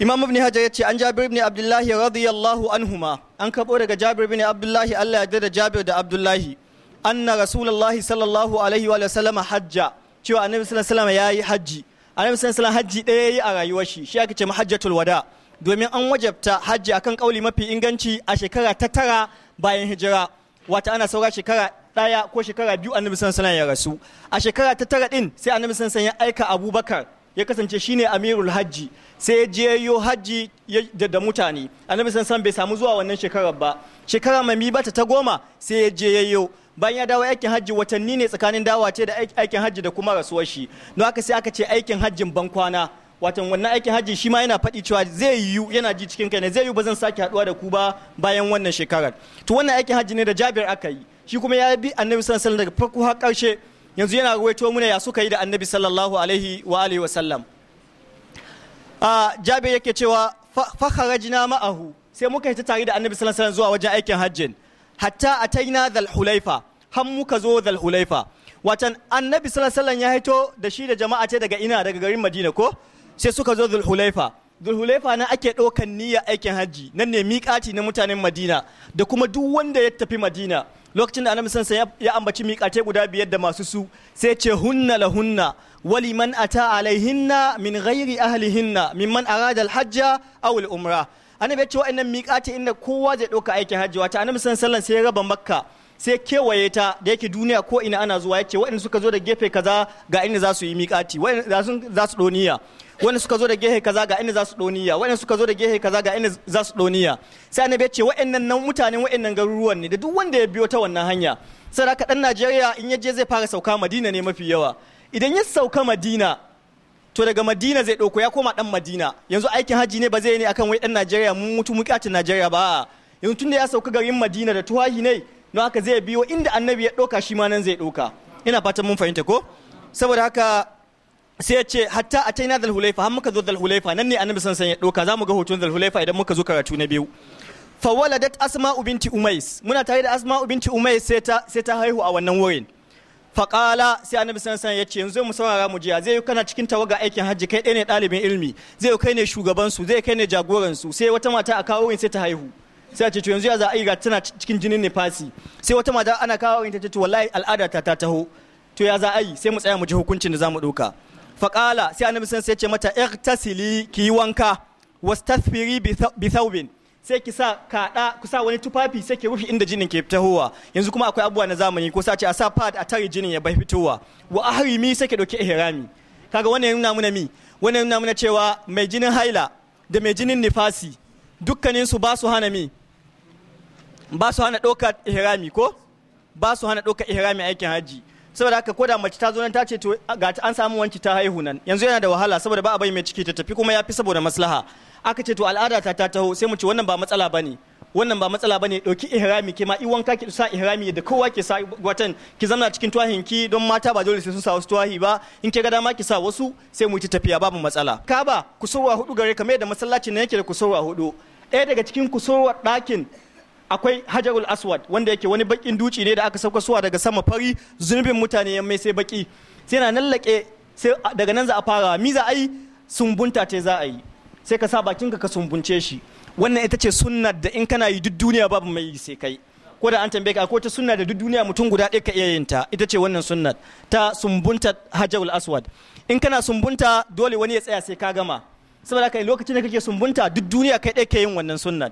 imam ibn hajar ya ce an jabir ibn abdullahi radiyallahu anhuma an kabo daga jabir ibn abdullahi allah ya yarda da jabir da abdullahi anna rasulullahi sallallahu alaihi wa sallama hajja cewa annabi sallallahu alaihi wa yayi hajji annabi sallallahu alaihi hajji ɗaya yayi a rayuwar shi shi ake ce mahajjatul wada domin an wajabta hajji akan kauli mafi inganci a shekara ta tara bayan hijira wata ana saura shekara ɗaya ko shekara biyu annabi sallallahu alaihi ya rasu a shekara ta tara din sai annabi sallallahu alaihi ya aika abubakar ya kasance shine amirul hajji sai ya je yo hajji da mutane annabi san bai samu zuwa wannan shekarar ba shekara mai bata ta goma sai ya je yayyo bayan ya dawo aikin hajji watanni ne tsakanin dawa ce da aikin hajji da kuma rasuwar shi don haka sai aka ce aikin hajjin bankwana kwana watan wannan aikin hajji shi ma yana faɗi cewa zai yiwu yana ji cikin kai ne zai yiwu ba zan sake haɗuwa da ku ba bayan wannan shekarar to wannan aikin hajji ne da jabir aka yi shi kuma ya bi annabi sallallahu alaihi wasallam daga farko har karshe. yanzu yana ruwaito muna ya suka yi da annabi sallallahu alaihi wa alihi wa sallam a jabe yake cewa fa ma'ahu sai muka hita tare da annabi sallallahu alaihi zuwa wajen aikin hajjin hatta ataina dhal hulaifa har muka zo dhal hulaifa watan annabi sallallahu ya haito da shi da jama'a ce daga ina daga garin madina ko sai suka zo dhul hulaifa hulaifa na ake ɗaukan niyya aikin hajji nan ne miƙati na mutanen Madina da kuma duk wanda ya tafi Madina lokacin da annabi sansa ya ambaci miƙace guda biyar da masu su sai ce hunna la hunna wali man ata alaihinna min ghairi ahlihinna mimman arada alhajja aw umra annabi ya ce wa'annan miƙace inda kowa zai ɗauka aikin hajji wata annabi sansa sai ya raba makka sai kewaye ta da yake duniya ko ina ana zuwa yace waɗanda suka zo da gefe kaza ga inda za su yi miƙati waɗanda za su doniya wani suka zo da gehe kaza ga inda za su doniya waɗanda suka zo da gehe kaza ga inda za su doniya sai annabi ya ce waɗannan nan mutanen waɗannan garuruwan ne da duk wanda ya biyo ta wannan hanya sai ka dan Najeriya in ya je zai fara sauka Madina ne mafi yawa idan ya sauka Madina to daga Madina zai ɗauko ya koma dan Madina yanzu aikin haji ne ba zai ne akan wai dan Najeriya mun mutu mukatin Najeriya ba yanzu tunda ya sauka garin Madina da tuwahi ne don haka zai biyo inda annabi ya ɗauka shi ma nan zai ɗauka ina fatan mun fahimta ko saboda haka sai ya ce hatta a taina dalhulaifa har muka zo dalhulaifa nan ne annabi san san ya ɗauka za mu ga hoton dalhulaifa idan muka zo karatu na biyu fawaladat asma'u binti umais muna tare da asma'u binti umais sai ta sai ta haihu a wannan wurin faƙala sai annabi san san ya ce yanzu mu saurara mu jiya zai kana cikin tawaga aikin hajji kai ɗaya ne ɗalibin ilmi zai kai ne shugaban su zai kai ne jagoransu sai wata mata a kawo sai ta haihu sai a ce to yanzu ya za a yi ga tana cikin jinin nifasi sai wata mata ana kawo in ta ce wallahi al'ada ta ta taho to ya za a yi sai mu tsaya mu ji hukuncin da za mu ɗauka faƙala sai annabi san sai ce mata irtasili ki yi wanka wastathfiri bi thawbin sai ki sa kada ku sa wani tufafi sai ki rufe inda jinin ke fitowa yanzu kuma akwai abubuwa na zamani ko sace a sa pad a tare jinin ya bai fitowa wa ahrimi sai ki ɗauki ihrami kaga wannan yana nuna muna mi wannan yana nuna cewa mai jinin haila da mai jinin nifasi dukkaninsu ba su hana mi ba su hana ɗaukar ihrami ko ba su hana ɗaukar ihrami aikin hajji saboda haka koda mace ta zo nan ta ce to ga an samu wanki ta haihu nan yanzu yana da wahala saboda ba a bai mai ciki ta tafi kuma ya fi saboda maslaha aka ce to al'ada ta ta taho sai mu ce wannan ba matsala bane wannan ba matsala bane dauki ihrami ke ma i wanka ki sa ihrami da kowa ke sa gwatan ki zamna cikin tuwahin ki don mata ba dole sai sun sa wasu tuwahi ba in ke gada ma ki sa wasu sai mu ci tafiya babu matsala kaba kusurwa hudu gare kamar yadda masallaci ne yake da kusurwa hudu ɗaya daga cikin kusurwar ɗakin akwai hajarul aswad wanda yake wani bakin duci ne da aka sauka suwa daga sama fari zunubin mutane ya sai baki sai na nallake sai daga nan za a fara mi za a yi sumbunta ce za a yi sai ka sa bakinka ka sumbunce shi wannan ita ce sunna da in kana yi duk duniya babu mai yi sai kai ko da an tambaye ka akwai ta sunna da duk duniya mutum guda ɗaya ka iya yin ta ita ce wannan sunna ta sumbunta hajjawul aswad in kana sumbunta dole wani ya tsaya sai ka gama saboda haka lokacin da kake sumbunta duk duniya kai ɗaya ke yin wannan sunna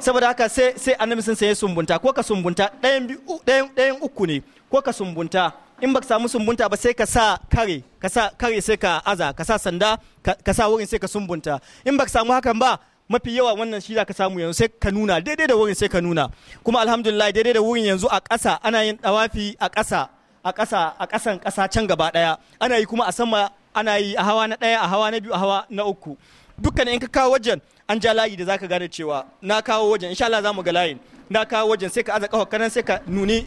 saboda haka sai sai annabi sun sai sumbunta ko ka sumbunta ɗayan ɗayan uku ne ko ka sumbunta in ba ka samu sumbunta ba sai ka sa kare ka sa kare sai ka aza ka sa sanda ka sa wurin sai ka sumbunta in ba ka samu hakan ba mafi yawa wannan shi ka samu yanzu sai ka nuna daidai da wurin sai ka nuna kuma alhamdulillah daidai da wurin yanzu a ƙasa ana yin dawafi a ƙasa a ƙasa a ƙasan ƙasa can gaba ɗaya ana yi kuma a sama ana yi a hawa na ɗaya a hawa na biyu a hawa na uku dukkan in ka kawo wajen an ja layi da zaka gane cewa na kawo wajen insha Allah zamu ga layin na kawo wajen sai ka aza kafa kanan sai ka nuni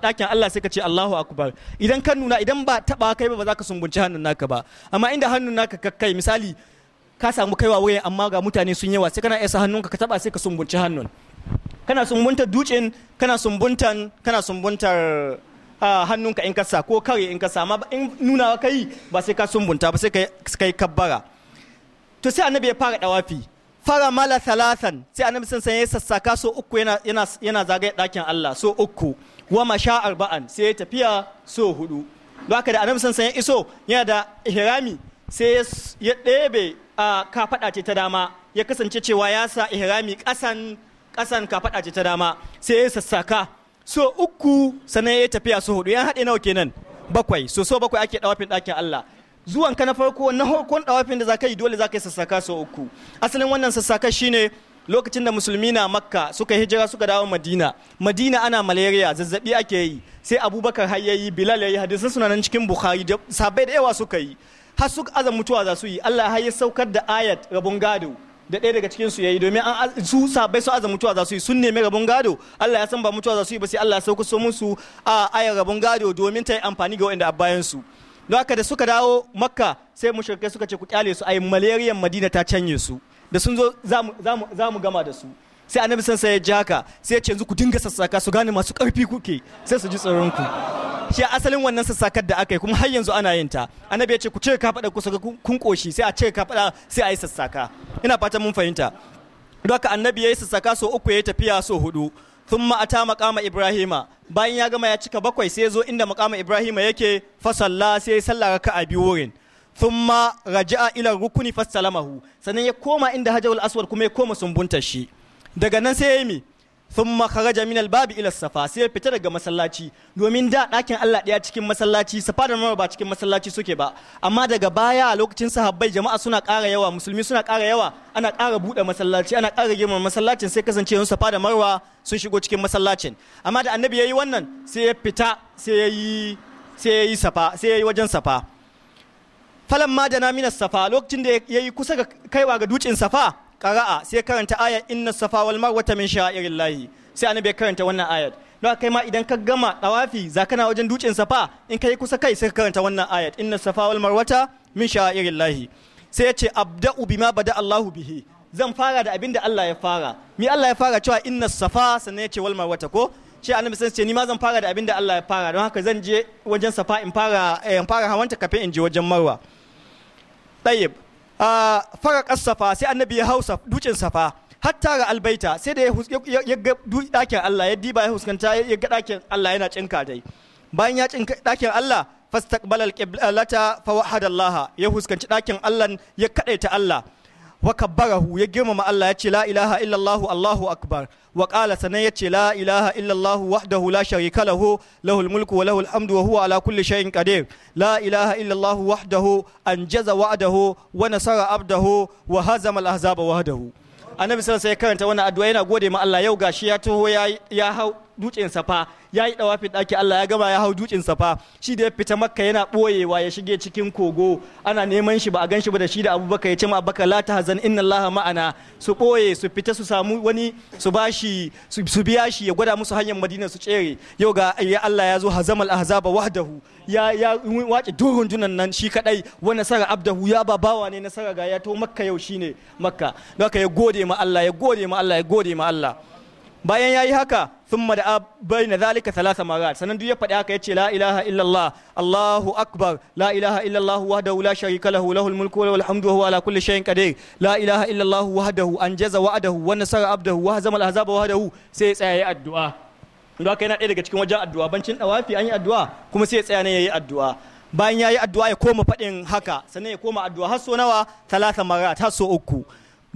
ɗakin Allah sai ka ce Allahu akbar idan ka nuna idan ba taba kai ba ba za ka sumbunci hannun naka ba amma inda hannun naka kai misali ka samu kaiwa wurin amma ga mutane sun yawa sai kana isa hannunka ka taba sai ka sumbunci hannun kana sumbuntar dutsen kana sumbuntan kana sumbuntar hannunka in kasa ko kare in kasa amma in nuna ka yi ba sai ka sumbunta ba sai ka yi kabbara to sai annabi ya fara dawafi fara mala talatan sai annabi sun san ya sassaka so uku yana yana yana zagaye dakin Allah so uku wa masha arba'an sai ya tafiya so hudu don haka da annabi sun san ya iso yana da ihrami sai ya ɗebe kafaɗa ce ta dama ya kasance cewa ya sa ihrami ƙasan ƙasan kafaɗa ce ta dama sai ya sassaka so uku sanan ya tafiya so hudu ya haɗe nawa kenan bakwai so so bakwai ake dawafin ɗakin Allah zuwan ka na farko na farkon dawafin da zaka yi dole zaka yi sassaka so uku asalin wannan sassaka shine lokacin da musulmi na makka suka hijira suka dawo madina madina ana malaria zazzabi ake yi sai abubakar har yayi bilal yayi hadisan sunanan cikin bukhari sabai da yawa suka yi har su azan mutuwa za su yi Allah ya ya saukar da ayat rabon gado da ɗaya daga cikin su yayi domin an su sabai su azan mutuwa za su yi sun nemi rabon gado Allah ya san ba mutuwa za su yi ba sai Allah ya saukar so musu a ayar rabon gado domin ta yi amfani ga wanda bayan su don haka da suka dawo makka sai mushrikai suka ce ku kyale su ai malaria madina ta canye su da sun zo za mu gama da su sai annabi san sai ya ji haka sai ya ce yanzu ku dinga sassaka su gane masu karfi kuke sai su ji tsoron ku shi asalin wannan sassakar da aka yi kuma har yanzu ana yin ta annabi ya ce ku cire kafada ku saka kun koshi sai a cire kafada sai a yi sassaka ina fatan mun fahimta don haka annabi ya yi sassaka so uku ya yi tafiya so hudu sun ma'ata makama ibrahima bayan ya gama ya cika bakwai sai ya zo inda makama ibrahima yake fasalla sai ya sallah a biyu wurin thumma raja'a ila rukuni fastalamahu sannan ya koma inda hajarul aswad kuma ya koma sumbuntar shi daga nan sai ya yi mi sun makara min babu ila safa sai ya fita daga masallaci domin da ɗakin Allah ɗaya cikin masallaci safa da marwa ba cikin masallaci suke ba amma daga baya a lokacin sahabbai jama'a suna ƙara yawa musulmi suna ƙara yawa ana ƙara buɗe masallaci ana ƙara girma masallacin sai kasance yanzu safa da marwa sun shigo cikin masallacin amma da annabi ya yi wannan sai ya fita sai ya yi safa sai ya yi wajen safa falan ma da na mina safa lokacin da ya yi kusa ga kaiwa ga dutsen safa qara'a sai karanta ayat inna safa wal marwata min lahi sai annabi karanta wannan ayat don kai ma idan ka gama tawafi za kana wajen dutsen safa in kai kusa kai sai ka karanta wannan ayat inna safa wal marwata min lahi. sai ya ce abda'u bima bada Allahu bihi zan fara da abin da Allah ya fara mi Allah ya fara cewa inna safa sannan ya ce wal marwata ko shi annabi sun ce ni ma zan fara da abin da Allah ya fara don haka zan je wajen safa in fara eh, in fara hawanta kafin in je wajen marwa tayyib fara kassafa sai annabi ya hausa dukin safa hatta ga albaita sai da ya ga dakin Allah ya diba ya huskanta ya ga dakin Allah yana cinka dai bayan ya cinka dakin Allah fastaqbala alqiblata fa wahada ya huskanci dakin Allah ya kadaita Allah wa kabbarahu ya girmama Allah ya ce la ilaha illallahu Allahu akbar wa qala sanan ya ce la ilaha illallahu wahdahu la sharika lahu lahul mulku wa lahul hamdu wa huwa ala kulli shay'in qadir la ilaha illallahu wahdahu anjaza wa'dahu wa nasara abdahu wa hazama al-ahzaba wahdahu annabi sallallahu alaihi wasallam karanta wannan addu'a yana gode ma Allah yau gashi ya taho ya hau dutsen safa ya yi dawafin daki Allah ya gama ya hau dutsen safa shi da ya fita makka yana boyewa ya shige cikin kogo ana neman shi ba a gan ba da shi da abubakar ya ce ma abubakar la tahzan inna Allah ma'ana su boye su fita su samu wani su bashi su biya shi ya gwada musu hanyar madina su tsere yau ga Allah ya zo hazamal ahzab wahdahu ya ya wace duhun junan nan shi kadai wa nasara abdahu ya ba bawa ne nasara ga ya to makka yau shine makka don ka ya gode ma Allah ya gode ma Allah ya gode ma Allah bayan ya yi haka thumma da bayna zalika thalatha marat sanan duk ya faɗi haka yace la ilaha illallah allahu akbar la ilaha illallah wahdahu la sharika lahu lahul mulku wa hamdu wa ala kulli shay'in qadir la ilaha illallah wahdahu anjaza wa'adahu wa nasara abdahu wa hazama al-ahzaba wahdahu sai ya tsaya yayi addu'a don haka na ɗaya daga cikin wajen addu'a bancin dawafi an yi addu'a kuma sai ya tsaya ne yayi addu'a bayan yayi addu'a ya koma faɗin haka sannan ya koma addu'a har nawa talata marat har uku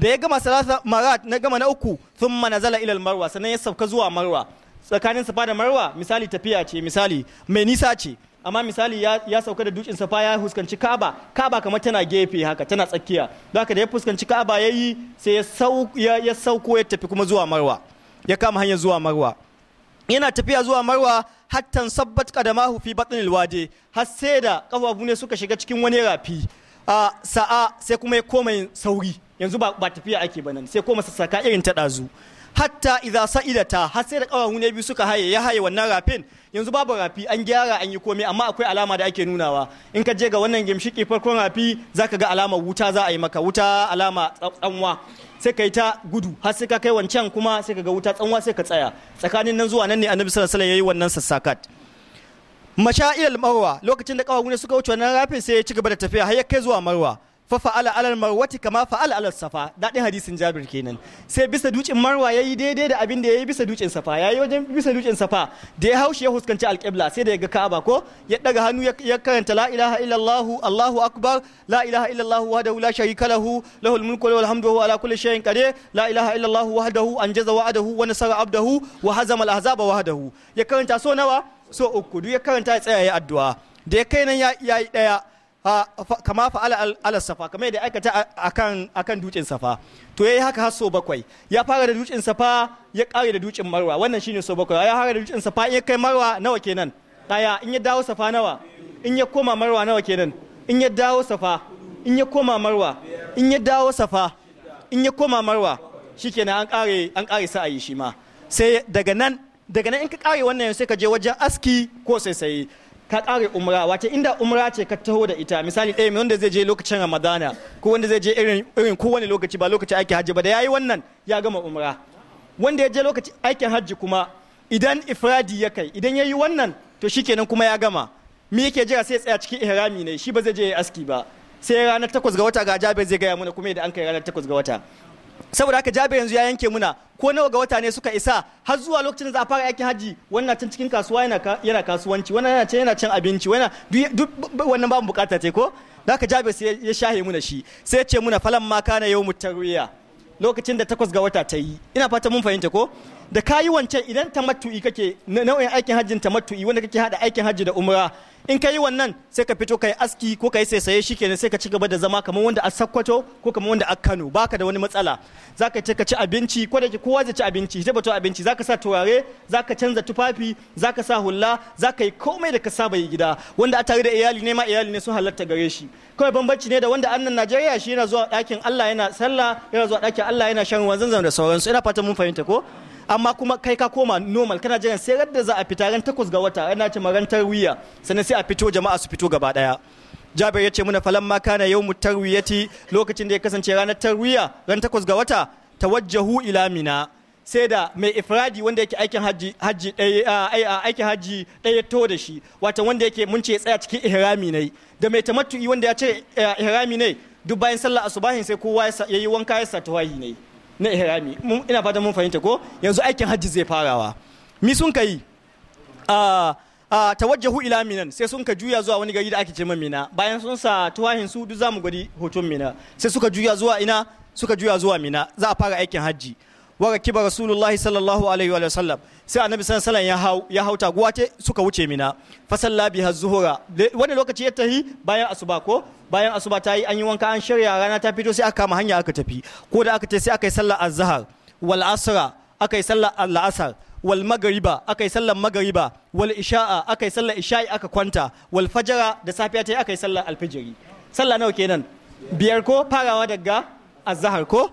da ya gama salasa marat na gama na uku sun manazala ilal marwa sannan ya sauka zuwa marwa tsakanin safa da marwa misali tafiya ce misali mai nisa ce amma misali ya, sauka da dukin safa ya fuskanci ka'aba ka'aba kamar tana gefe haka tana tsakiya don haka da ya fuskanci ka'aba ya yi sai ya sauko ya tafi kuma zuwa marwa ya kama hanyar zuwa marwa yana tafiya zuwa marwa hattan sabbat kadamahu fi batnil wadi har sai da kafafu ne suka shiga cikin wani rafi a sa'a sai kuma ya koma sauri yanzu ba tafiya ake ba nan sai ko saka irin ta ɗazu hatta idza sa'idata har sai da ƙawahu ne biyu suka haye ya haye wannan rafin yanzu babu rafi an gyara an yi komai amma akwai alama da ake nunawa in ka je ga wannan gimshiki farkon rafi zaka ga alama wuta za a yi maka wuta alama tsanwa sai ka yi ta gudu har sai ka kai wancan kuma sai ka ga wuta tsanwa sai ka tsaya tsakanin nan zuwa nan ne annabi sallallahu alaihi wasallam yayi wannan sassakat masha'il marwa lokacin da ƙawahu ne suka wuce wannan rafin sai ya ci gaba da tafiya har ya kai zuwa marwa fa fa'ala alal marwati kama fa'ala alal safa dadin hadisin jabir kenan sai bisa dukin marwa yayi daidai da abin da yayi bisa dukin safa yayi wajen bisa dukin safa da ya haushi ya huskanci alqibla sai da ya ga ka'aba ko ya daga hannu ya karanta la ilaha illallah allahu akbar la ilaha illallah wahdahu la sharika lahu lahul mulku wa hamdu wa ala kulli shay'in qadir la ilaha illallah wahdahu anjaza wa'adahu wa nasara abdahu wa hazama al-ahzaba wahdahu ya karanta so nawa so uku duk ya karanta ya tsaya ya addu'a da ya kai nan ya yi daya kama fa ala safa kamar yadda aikata akan akan dutsen safa to yayi haka har so bakwai ya fara da dutsen safa ya kare da dutsen marwa wannan shine so bakwai ya fara da dutsen safa in ya kai marwa nawa kenan daya in ya dawo safa nawa in ya koma marwa nawa kenan in ya dawo safa in ya koma marwa in ya dawo safa in ya koma marwa shikenan an kare an kare sa'ayi shi ma sai daga nan daga nan in ka kare wannan sai ka je wajen aski ko sai sai ka ƙare umra wace inda umra ce ka taho da ita misali ɗaya wanda zai je lokacin ramadana ko wanda zai je irin irin kowane lokaci ba lokacin aikin hajji ba da yayi wannan ya gama umra wanda ya je lokacin aikin hajji kuma idan ifradi ya kai idan ya yi wannan to shikenan kuma ya gama me yake jira sai tsaya cikin ihrami ne shi ba zai je ya aski ba sai ranar takwas ga wata ga jabir zai gaya muna kuma idan an kai ranar takwas ga wata saboda haka jabir yanzu ya yanke muna ko nawa ga wata suka isa har zuwa lokacin da za a fara aikin haji wannan can cikin kasuwa yana kasuwanci wannan yana can yana cin abinci wannan duk wannan babu bukata ce ko da ka jabe sai ya shahe muna shi sai ya ce muna falan ma kana yau mutarwiya lokacin da takwas ga wata ta yi ina fata mun fahimta ko da ka yi wancan idan ta tamattu'i kake nau'in aikin hajjin matu'i wanda kake hada aikin hajji da umra in ka yi wannan sai ka fito ka yi aski ko ka yi saisaye shi kenan sai ka ci gaba da zama kamar wanda a sakkwato ko kamar wanda a kano baka da wani matsala za ka ce ka ci abinci ko da kowa zai ci abinci ta bato abinci za ka sa turare za ka canza tufafi za ka sa hula za ka yi komai da ka saba yi gida wanda a tare da iyali ne ma iyali ne sun halatta gare shi kawai bambanci ne da wanda annan najeriya shi yana zuwa ɗakin allah yana sallah yana zuwa ɗakin allah yana shan ruwan zanzan da sauransu ina fatan mun fahimta ko amma kuma kai ka koma normal kana jiran sai radda za a fita ran takwas ga wata ana ce ran tarwiya sannan sai a fito jama'a su fito gaba daya Jabir ya ce muna falan ma kana mu tarwiyati lokacin da ya kasance ranar tarwiya ran takwas ga wata tawajjahu ila mina sai da mai ifradi wanda yake aikin haji haji ɗaya aikin haji ɗaya to da shi wato wanda yake mun ce tsaya cikin ihrami ne da mai tamattu'i wanda ya ce eh, ihrami ne duk bayan sallah asubahin sai kowa ya yi wanka ya sa tawayi ne na ihrami ina fata mun fahimta ko yanzu aikin hajji zai farawa mi sun kai a a tawajjahu ila minan sai sun ka juya zuwa wani gari da ake ce mina bayan sun sa tuwahin su duk zamu gwadi hoton mina sai suka juya zuwa ina suka juya zuwa mina za a fara aikin hajji wa kiba rasulullahi sallallahu alaihi wa sallam sai annabi sallallahu alaihi wa hau ya hau taguwa ce suka wuce mina fa salla biha zuhura wani lokaci ya tahi bayan asuba ko bayan asuba ta yi an yi wanka an shirya rana ta fito sai aka kama hanya aka tafi ko da aka ce sai aka yi sallar azhar wal asra aka yi sallar al-asr wal magriba aka yi sallar magriba wal isha'a aka yi sallar isha'i aka kwanta wal fajara da safiya ta yi aka yi sallar alfijiri sallah nawa kenan biyar ko farawa daga azhar ko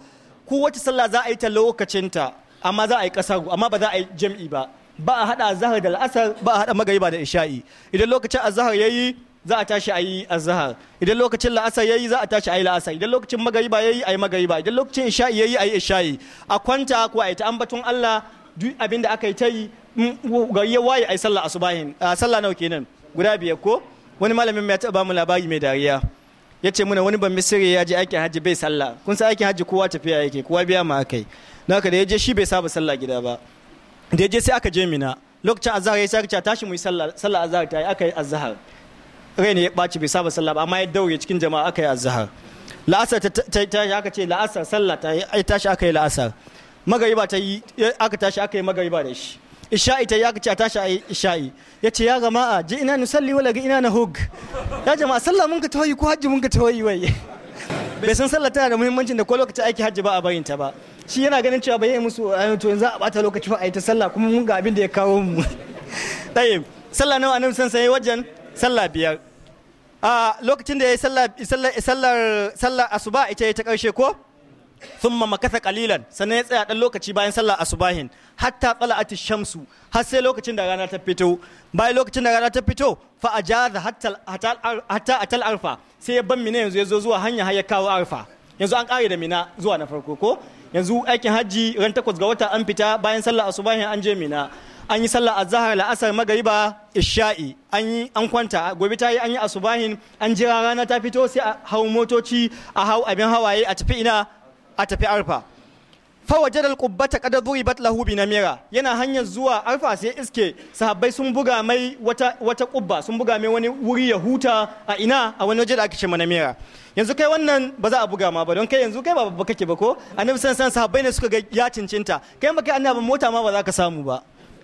kowace sallah za a yi ta lokacinta amma za a yi kasaru amma ba za a yi jam'i ba ba a hada azhar da al'asar ba a hada magariba da isha'i idan lokacin azhar yayi za a tashi a yi azhar idan lokacin la'asar yayi za a tashi a yi la'asar idan lokacin magariba yayi a yi magariba idan lokacin isha'i yayi a yi isha'i a kwanta ko a yi ta ambaton Allah duk abin da aka yi ta yi gari ya waye a yi sallah asubahin sallah nawa kenan guda biyar ko wani malamin mai taɓa mu labari mai dariya ya ce muna wani ban misiri ya je aikin hajji bai sallah kun sa aikin hajji kowa tafiya yake kowa biya ma akai na haka da ya je shi bai saba sallah gida ba da ya je sai aka je mina lokacin azhar ya sai aka tashi mu yi sallah sallah azhar ta yi aka yi azhar rai ne ya ɓaci bai saba sallah ba amma ya daure cikin jama'a aka yi azhar la'asar ta tashi aka ce la'asar sallah ta yi tashi aka yi la'asar magariba ta yi aka tashi aka yi magariba da shi isha'i ta ya ce a tashi a isha'i ya ce ya a, ji ina nusalli wala ga ina na hug ya jama'a sallah mun ka tawayi ko hajji mun ka tawayi wai bai san sallah tana da muhimmancin da ko lokacin aiki hajji ba a bayin ta ba shi yana ganin cewa bai yi musu to yanzu a bata lokaci a yi ta sallah kuma mun ga abin da ya kawo mu ɗaya sallah nawa annabi san sai wajen sallah biyar a lokacin da ya yi sallar asuba ita ya ta karshe ko thumma makatha kalilan sannan ya tsaya dan lokaci bayan a asubahin hatta tsala'ati shamsu har sai lokacin da rana ta fito bayan lokacin da rana ta fito fa a jaza hatta a tal arfa sai ya ban mina yanzu ya zo zuwa hanya har ya kawo arfa yanzu an kare da mina zuwa na farko ko yanzu aikin hajji ran takwas ga wata an fita bayan a asubahin an je mina an yi sallah a zahar la'asar magariba isha'i an yi an kwanta gobe ta yi an yi asubahin an jira rana ta fito sai a hau motoci a hau abin hawaye a tafi ina a tafi arfa fawajar alƙubbata kada zuri bat lahu bi namira yana hanyar zuwa arfa sai iske sahabbai sun buga mai wata wata ƙubba sun buga mai wani wuri ya huta a ina a wani waje da ake na namira yanzu kai wannan ba za a buga ma ba don kai yanzu kai ba babba kake ba ko annabi san san sahabbai ne suka ga ya cincinta kai ba kai annabi mota ma ba za ka samu ba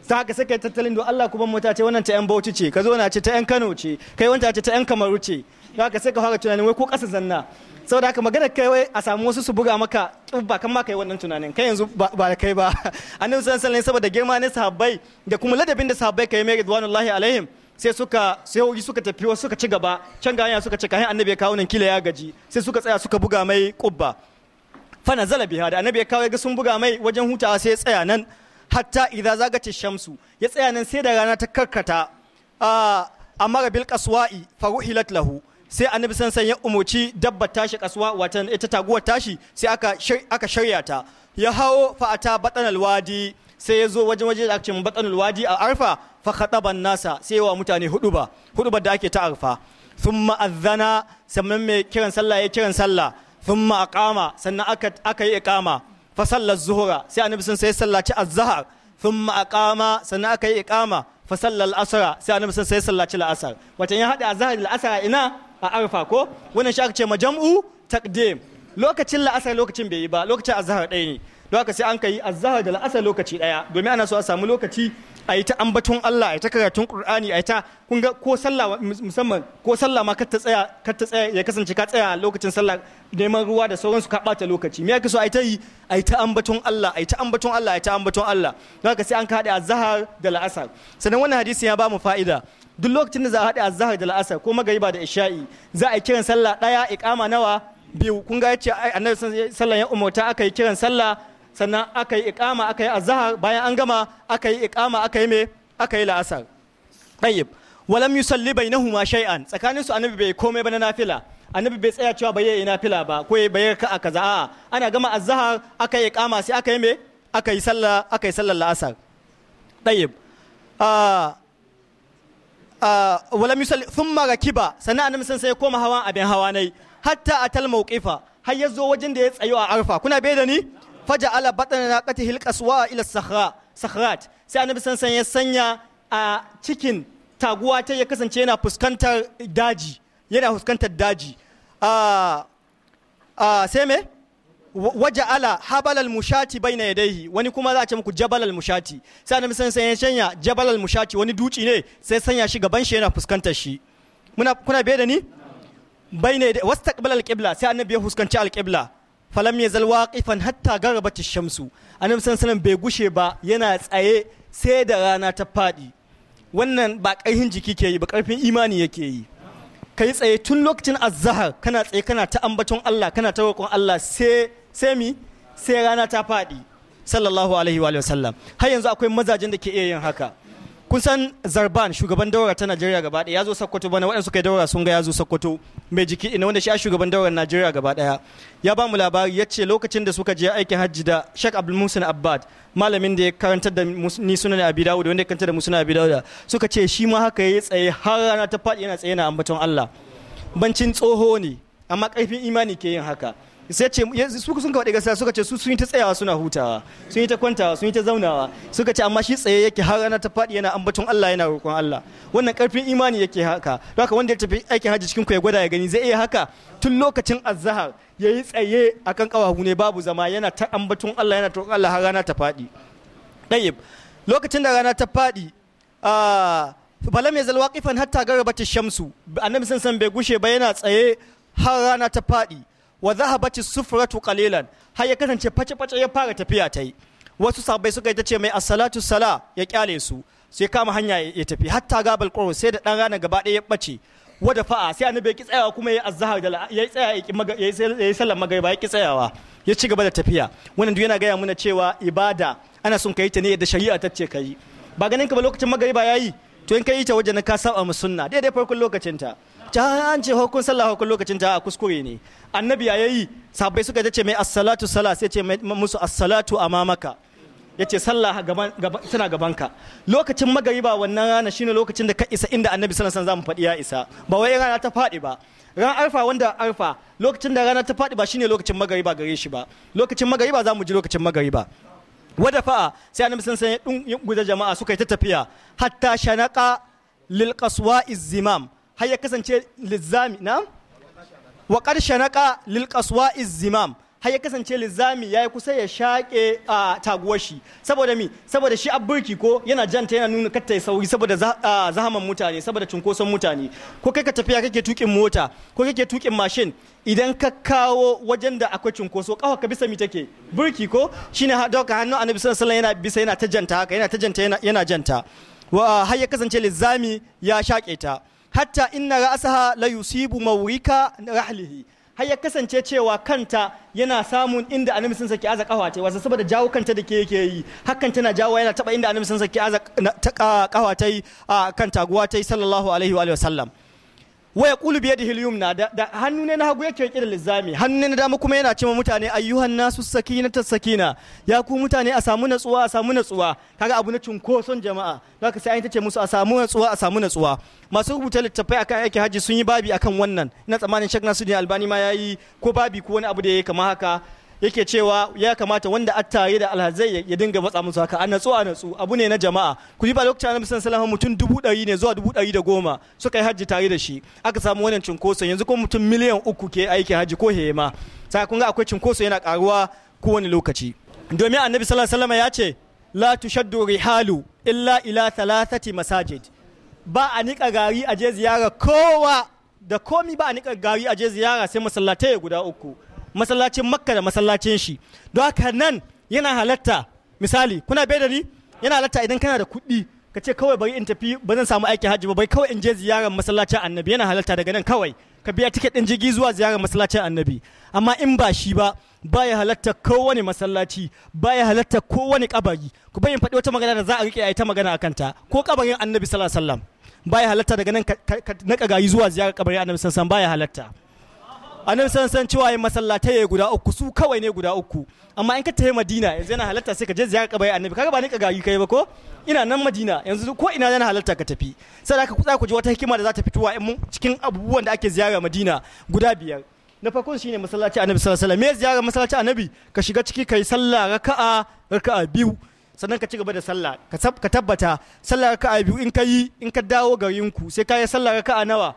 ta haka sai kai tattalin do Allah kuma mota ce wannan ta yan Bauchi ce ka zo na ce ta yan Kano ce kai wanta ce ta yan Kamaru ce za ka sai ka fara tunanin wai ko ƙasa zanna saboda haka magana kai wai a samu wasu su buga maka ba kan ma kai wannan tunanin kai yanzu ba da kai ba annabi sallallahu alaihi saboda girma ne sahabbai da kuma ladabin da sahabbai kai mai ridwanullahi alaihim sai suka sai suka tafi wasu suka ci gaba can ga suka ce kayan annabi ya kawo nan kila ya gaji sai suka tsaya suka buga mai kubba fa nazala biha da annabi ya kawo ga sun buga mai wajen hutawa sai ya tsaya nan hatta idza zagati shamsu ya tsaya nan sai da rana ta karkata a ah, amma bil qaswa'i fa ruhilat lahu sai annabi sansan ya umarci dabba tashi kasuwa watan ita taguwar tashi sai aka aka shirya ta ya hawo fa'ata batanal wadi sai ya zo wajen waje da cikin ce batanal wadi a arfa fa khataban nasa sai wa mutane huduba huduba da ake ta arfa thumma azana sannan mai kiran sallah ya kiran sallah thumma aqama sannan aka aka yi iqama fa sallar zuhura sai annabi sun sai sallaci azhar thumma aqama sannan aka yi iqama fa sallar asra sai annabi sun sai sallaci la'asar wata ya hada azhar da la'asar ina a arfa ko wannan shi aka ce ma jam'u takdim lokacin la'asar lokacin bai yi ba lokacin azhar ɗaya ne don haka sai an kai azhar da la'asar lokaci ɗaya domin ana so a samu lokaci a yi ta ambaton Allah a yi ta karatun Qur'ani a yi ta kun ga ko sallah musamman ko sallah ma kar ta tsaya kar ta tsaya ya kasance ka tsaya lokacin sallah neman ruwa da sauransu ka bata lokaci me yake so a yi ta yi a yi ta ambaton Allah a yi ta ambaton Allah a yi ta ambaton Allah don haka sai an kaɗe azhar da la'asar sannan wannan hadisi ya ba mu fa'ida duk lokacin da za a haɗe azhar da la'asar ko magariba da isha'i za a yi kiran sallah ɗaya iqama nawa biyu kun ga yace annabi sallan ya umarta aka yi kiran sallah sannan aka yi iqama aka yi azhar bayan an gama aka yi iqama aka yi me aka yi la'asar tayyib walam yusalli bainahuma shay'an tsakanin su annabi bai komai ba na nafila annabi bai tsaya cewa bai yi nafila ba ko bai yi ka kaza a'a ana gama azhar aka yi iqama sai aka yi me aka yi sallah aka yi sallar la'asar tayyib ah wala misal thumma rakiba sannan koma hawan abin hawa nai hatta atal mawqifa har ya zo wajen da ya tsayo a arfa kuna bai da ni faja ala batana na qati hilqaswa ila sahra sahrat sai annabi sun sanya a cikin taguwa ya kasance yana yana daji Waje ala habalal mushati na yadayhi wani kuma za a ce muku jabalal mushati sai na misan sanya ya jabalal mushati wani duci ne sai sanya shi gaban shi yana fuskantar shi muna kuna biye da ni baina yadayhi wastaqbalal qibla sai annabi ya fuskanci alqibla falam yazal waqifan hatta garabat ash-shamsu annabi san sanan bai gushe ba yana tsaye sai da rana ta fadi wannan ba ƙarfin jiki ke yi ba ƙarfin imani yake yi kai tsaye tun lokacin azahar kana tsaye kana ta ambaton Allah kana ta Allah sai sai mi sai rana ta faɗi sallallahu alaihi wa sallam har yanzu akwai mazajen da ke iya yin haka kun san zarban shugaban daura ta najeriya gaba ɗaya ya zo sokoto bana waɗansu kai daura sun ga ya zo sokoto mai jiki ina wanda shi a shugaban daurar najeriya gaba ɗaya ya ba mu labari ya ce lokacin da suka je aikin hajji da shek abdul musin abbad malamin da ya karanta da ni sunan abi dawud wanda ya karanta da mu sunan abi dawud suka ce shi ma haka ya tsaye har rana ta faɗi yana tsaye na ambaton allah bancin tsoho ne amma ƙarfin imani ke yin haka sai ce su sun ka faɗi gaskiya suka ce su sun yi ta tsayawa suna hutawa sun yi ta kwantawa sun yi ta zaunawa suka ce amma shi tsaye yake har rana ta faɗi yana ambaton Allah yana roƙon Allah wannan ƙarfin imani yake haka don haka wanda ya tafi aikin hajji cikin ku ya gwada ya gani zai iya haka tun lokacin azhar ya yi tsaye akan ƙawahu ne babu zama yana ta ambaton Allah yana roƙon Allah har rana ta faɗi ɗayib lokacin da rana ta faɗi falam yazal waqifan hatta garabat shamsu annabi sun san bai gushe ba yana tsaye har rana ta faɗi wa zahabati sufratu qalilan har ya kasance face face ya fara tafiya ta yi wasu sabai suka yi ta ce mai salatu sala ya kyale su sai kama hanya ya tafi hatta gabal qur'an sai da dan rana gaba ɗaya ya bace wada fa'a sai annabi ya ki kuma ya azhar da ya tsaya ya magariba ya ki tsayawa ya ci gaba da tafiya wannan duk yana gaya mana cewa ibada ana son kai ta ne da shari'a ta ce kai ba ganin ka ba lokacin magariba yayi to in kai ta wajen ka saba musunna sunna daidai farkon lokacin ta an ce hukun sallah hukun lokacin ta a kuskure ne annabi yi sabai suka ce mai asalatu sala sai ce musu a mamaka ya yace sallah tana gabanka lokacin magariba wannan rana shine lokacin da ka isa inda annabi sallallahu alaihi wasallam faɗi ya isa ba wai rana ta faɗi ba ran arfa wanda arfa lokacin da rana ta faɗi ba shine lokacin magariba gare shi ba lokacin magariba za mu ji lokacin magariba wada fa'a sai annabi sun san ya guda jama'a suka yi ta tafiya hatta shanaka lil qaswa izimam har ya kasance lizami na wa ƙarshe naƙa lilƙaswa izimam har ya kasance lizami ya yi kusa ya shaƙe a taguwar shi saboda mi saboda shi abburki ko yana janta yana nuna kattai sauri saboda zahaman mutane saboda cunkoson mutane ko kai ka tafiya kake tukin mota ko kake tukin mashin idan ka kawo wajen da akwai cunkoso kawai ka bisa mi take burki ko shine doka hannu annabi sallallahu alaihi yana bisa yana ta janta haka yana ta janta yana janta wa har ya kasance lizami ya shaƙe ta hatta inna ra'asaha la yusibu mawrika rahlihi har ya kasance cewa kanta yana samun inda annabi sun saki aza kafa ta wasa saboda jawo kanta da ke yake yi hakan tana jawo yana taba inda annabi sun saki aza ta kafa kanta kan taguwa ta sallallahu alaihi wa sallam waya Kulu bi da al-yumna da hannu ne na hagu yake rike da lizami hannu na dama kuma yana cewa mutane ayyuhan nasu sakinata sakina ya ku mutane a samu natsuwa a samu natsuwa kaga abu na cunkoson jama'a haka sai an ce musu a samu natsuwa a samu natsuwa masu rubuta littattafai akan aiki haji sun yi babi akan wannan na tsammanin Sheikh ne Albani ma yayi ko babi ko wani abu da yayi kama haka yake cewa ya kamata wanda attaye da alhazai ya dinga matsa musu haka a natsu a natsu abu ne na jama'a ku ba lokacin annabi sallallahu alaihi mutum dubu ɗari ne zuwa dubu ɗari da goma suka yi hajji tare da shi aka samu wannan cinkoson yanzu kuma mutum miliyan uku ke aiki hajji ko hema sai kun ga akwai cinkoso yana karuwa kowane lokaci domin annabi sallallahu alaihi ya ce la tushaddu rihalu illa ila thalathati masajid ba a niƙa gari a je ziyara kowa da komi ba a niƙa gari a je ziyara sai masallatai guda uku masallacin makka da masallacin shi don haka nan yana halatta misali kuna bai da ni yana halatta idan kana da kuɗi ka ce kawai bari in tafi ba zan samu aikin hajji ba bai kawai in je ziyarar masallacin annabi yana halatta daga nan kawai ka biya tiket din jirgi zuwa ziyarar masallacin annabi amma in ba shi ba baya halatta kowane masallaci baya halatta kowane kabari ku bayin faɗi wata magana da za a rike a ta magana a kanta ko kabarin annabi sallallahu alaihi wasallam baya halatta daga nan ka naka gayi zuwa ziyarar kabarin annabi sallallahu alaihi wasallam baya halatta nan san san cewa yin masallatai guda uku su kawai ne guda uku amma in ka tafi madina yanzu yana halatta sai ka je ziyara kabai annabi kaga ba ni kagagi kai ba ko ina nan madina yanzu ko ina yana halatta ka tafi sai ka kuza ku ji wata hikima da za ta fitowa in cikin abubuwan da ake ziyara madina guda biyar na farko shine masallaci annabi sallallahu alaihi wasallam me ziyara masallaci annabi ka shiga ciki kai sallah raka'a raka'a biyu sannan ka ci gaba da sallah ka tabbata sallah raka'a biyu in ka yi in ka dawo garinku sai ka yi sallah raka'a nawa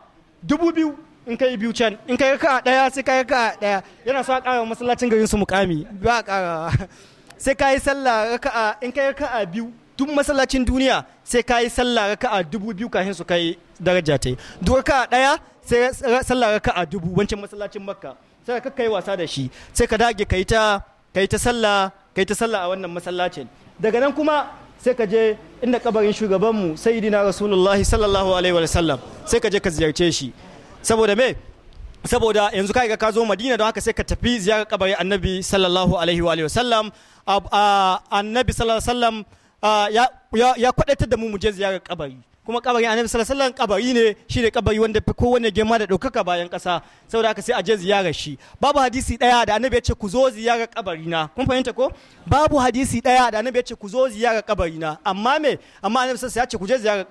dubu biyu in kai biyu can in kai ka daya sai kai ka daya yana so a ƙara masallacin garin su mukami ba a ƙara sai kai sallah raka'a in kai a biyu duk masallacin duniya sai kai sallah a dubu biyu kafin su kai daraja ta duk ka daya sai sallah a dubu wancan masallacin makka sai ka kai wasa da shi sai ka dage kai ta kai ta sallah kai ta sallah a wannan masallacin daga nan kuma sai ka je inda kabarin shugabanmu sayyidina rasulullahi sallallahu alaihi wa sallam sai ka je ka ziyarce shi saboda me saboda yanzu kai ga ka zo madina don haka sai ka tafi ziyarar kabarin annabi sallallahu alaihi wa sallam annabi sallallahu alaihi wa ya kwadatar da mu mu je ziyarar kabari kuma kabari annabi sallallahu alaihi wasallam kabari ne shine kabari wanda fi kowanne girma da ɗaukaka bayan ƙasa saboda haka sai a je ziyarar shi babu hadisi ɗaya da annabi ya ce ku zo ziyarar kabari na kun fahimta ko babu hadisi ɗaya da annabi ya ce ku zo ziyarar kabari na amma me amma annabi sallallahu alaihi ya ce ku je ziyarar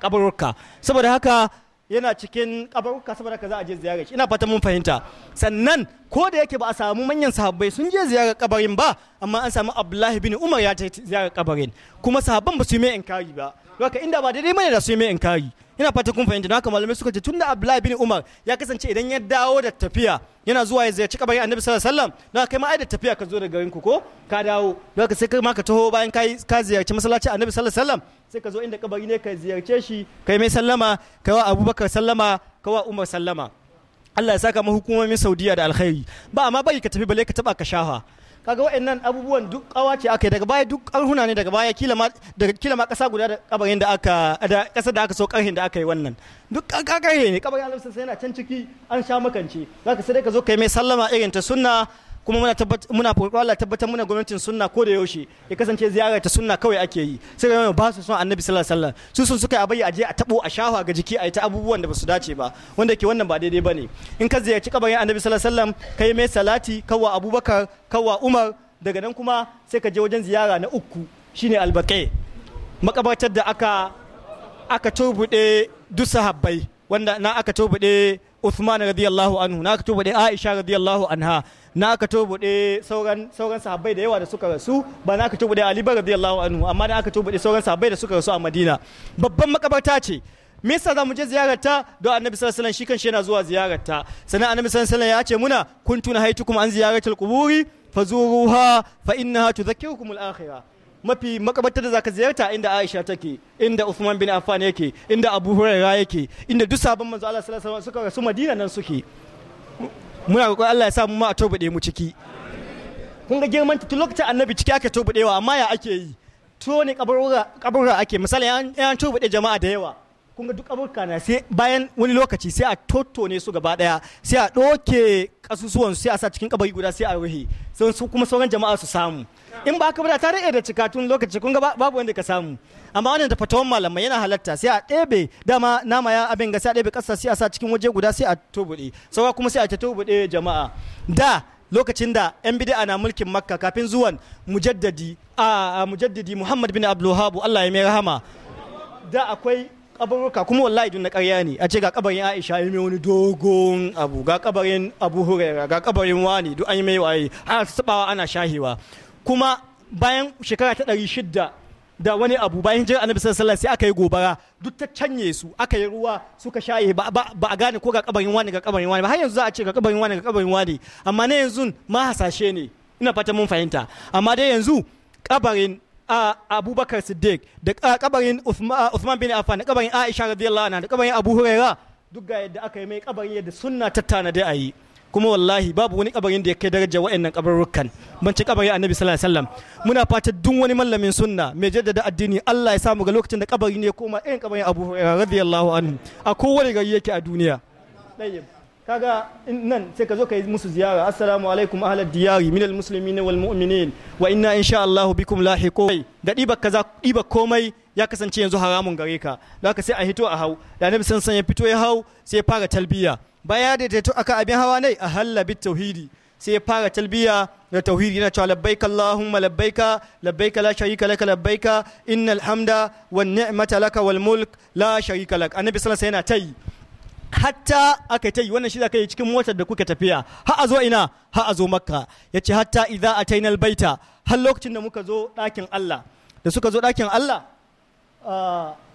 kabarurka saboda haka yana cikin kabaruka saboda ka za a je ziyarar shi ina fata mun fahimta sannan ko da yake ba a samu manyan sahabbai sun je ziyarar kabarin ba amma an samu abdullahi bin umar ya ta ziyarar kabarin kuma sahabban ba su yi mai inkari ba haka inda ba daidai mai da su yi mai inkari ina fata kun fahimta haka malamai suka ce tun da Abdullahi bin Umar ya kasance idan ya dawo da tafiya yana zuwa ya ziyarci kabarin Annabi sallallahu alaihi wasallam don kai ma ai da tafiya ka zo da garin ku ko ka dawo don haka sai kai ma ka taho bayan kai ka ziyarci masallaci Annabi sallallahu alaihi wasallam sai ka zo inda kabari ne ka ziyarce shi kai mai sallama kai wa Abubakar sallama kai wa Umar sallama Allah ya saka hukumomin Saudiya da alkhairi ba amma bai ka tafi bale ka taba ka shafa kaga waɗannan abubuwan duk kawa ce aka yi daga baya duk karhuna ne daga baya kila ma daga kila ma kasa guda da kabarin da aka da kasa da aka so karhin da aka yi wannan duk kakarhe ne kabarin sai yana can ciki an sha makance zaka sai ka zo kai mai sallama irin ta sunna kuma muna muna Allah tabbatar muna gwamnatin sunna ko da yaushe ya kasance ziyara ta sunna kawai ake yi sai ga ba su son annabi sallallahu alaihi wasallam su sun suka abayi aje a tabo a shafa ga jiki a ta abubuwan da ba su dace ba wanda ke wannan ba daidai bane in ka ziyarci kabarin annabi sallallahu alaihi wasallam kai mai salati kawa abubakar kawa umar daga nan kuma sai ka je wajen ziyara na uku shine albaqai makabartar da aka aka turbude duk sahabbai wanda na aka turbude Uthman radiyallahu anhu na aka turbude Aisha radiyallahu anha na aka tobuɗe sauran sauran sahabbai da yawa da suka rasu ba na aka tobuɗe Ali ba radiyallahu anhu amma na aka tobuɗe sauran sahabbai da suka rasu a Madina babban makabarta ce me yasa za mu je ziyararta don annabi sallallahu alaihi shi kanshi yana zuwa ziyararta sannan annabi sallallahu alaihi ya ce muna kuntuna haitukum an ziyaratul quburi fazuruha fa innaha tudhakkirukum al-akhirah mafi makabartar da zaka ziyarta inda Aisha take inda Uthman bin Affan yake inda Abu Hurairah yake inda duk sabon manzo Allah sallallahu alaihi wasallam suka rasu Madina nan suke muna roƙon Allah ya sa mu ma a tobe mu ciki kun ga girman tun lokacin annabi ciki aka tobaɗewa amma ya ake yi to ne kaburra ake misali an tobe jama'a da yawa kun ga duk amurka na sai bayan wani lokaci sai a tottone su gaba daya sai a doke kasusuwan sai a sa cikin kabari guda sai a ruhe su kuma sauran jama'a su samu in ba ka bada ta da cikatun lokaci kun ga babu wanda ka samu amma wannan da fatawan malamai yana halatta sai a ɗebe dama nama ya abin ga sai a ɗebe ƙasa sai a sa cikin waje guda sai a turbuɗe saura kuma sai a ta turbuɗe jama'a da lokacin da 'yan bid'a na mulkin makka kafin zuwan mujaddadi a mujaddadi muhammad bin abdulhabu allah ya mai rahama da akwai kabarurka kuma wallahi dun na ƙarya ne a ce ga kabarin Aisha yi mai wani dogon abu ga kabarin Abu Huraira ga kabarin wani duk an yi mai waye har sabawa ana shahewa kuma bayan shekara ta ɗari shidda da wani abu bayan jira annabi sallallahu alaihi sai aka yi gobara duk ta canye su aka yi ruwa suka shaye ba, ba, a gane ko ga kabarin wani ga kabarin wani ba har yanzu za a ce ga kabarin wani ga kabarin wani amma na yanzu ma hasashe ne ina fata mun fahimta amma dai yanzu kabarin a abubakar siddiq da kabarin usman bin affan da kabarin aisha radiyallahu anha da kabarin abu huraira duk ga yadda aka yi mai kabarin yadda sunna tattana da ayi kuma wallahi babu wani kabarin da ya kai daraja wa'annan kabarurrukan ban ci kabarin annabi sallallahu alaihi wasallam muna fatan duk wani mallamin sunna mai jaddada addini Allah ya samu ga lokacin da kabari ne koma irin kabarin abu huraira radiyallahu anhu a kowane gari yake a duniya kaga nan sai ka zo ka yi musu ziyara assalamu alaikum ahlal diyari minal muslimin wal mu'minin wa inna insha Allah bikum lahiqun da diba kaza diba komai ya kasance yanzu haramun gare ka haka sai a hito a hau da annabi san san ya fito ya hau sai ya fara talbiya baya da daidaito aka abin hawa nai a halla bit tauhidi sai ya fara talbiya da tauhidi yana cewa labbaika allahumma labbaika labbaika la sharika laka labbaika innal hamda wan ni'mata laka wal mulk la sharika lak annabi sallallahu alaihi wasallam yana tayi hatta aka ta yi wannan shi zaka yi cikin motar da kuka tafiya ha a zo ina ha a zo makka yace hatta idza ataina albaita har lokacin da muka zo ɗakin Allah da suka zo ɗakin Allah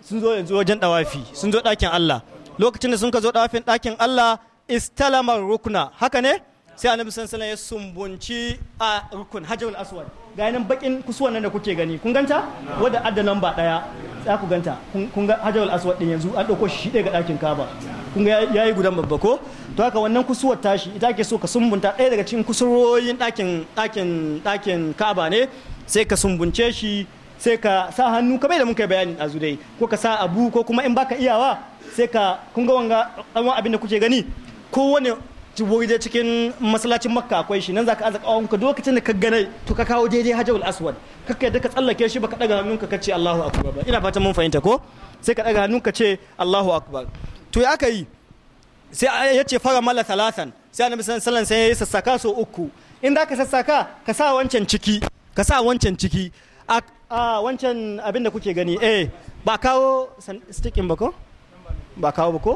sun zo yanzu wajen dawafi sun zo ɗakin Allah lokacin da sun ka zo dawafin ɗakin Allah istalamar rukuna haka ne sai annabi sallallahu alaihi wasallam ya sumbunci a rukun hajarul aswad ga bakin kusuwan nan da kuke gani kun ganta wadda adda lamba daya za ku ganta kun ga hajarul aswad din yanzu an dauko shi daga dakin kaba kun ga yayi gudan babba ko to haka wannan kusuwar tashi ita ke so ka sumbunta daya daga cikin kusurorin dakin dakin dakin kaba ne sai ka sumbunce shi sai ka sa hannu bai da muka kai bayani a dai ko ka sa abu ko kuma in baka iyawa sai ka kun ga wanga abin da kuke gani kowane waje cikin masallacin makka akwai shi nan za ka aza kawon ka lokacin da ka gane to ka kawo daidai hajjal aswad kakka yadda ka tsallake shi baka daga hannunka ka ce Allahu akbar ba ina fatan mun fahimta ko sai ka daga hannunka ce Allahu akbar to ya aka yi sai ya ce fara mala talatan sai annabi sallallahu alaihi wasallam sai ya sassaka so uku in da ka sassaka ka sa wancan ciki ka sa wancan ciki a wancan abin da kuke gani eh ba kawo stickin ba ko ba kawo ba ko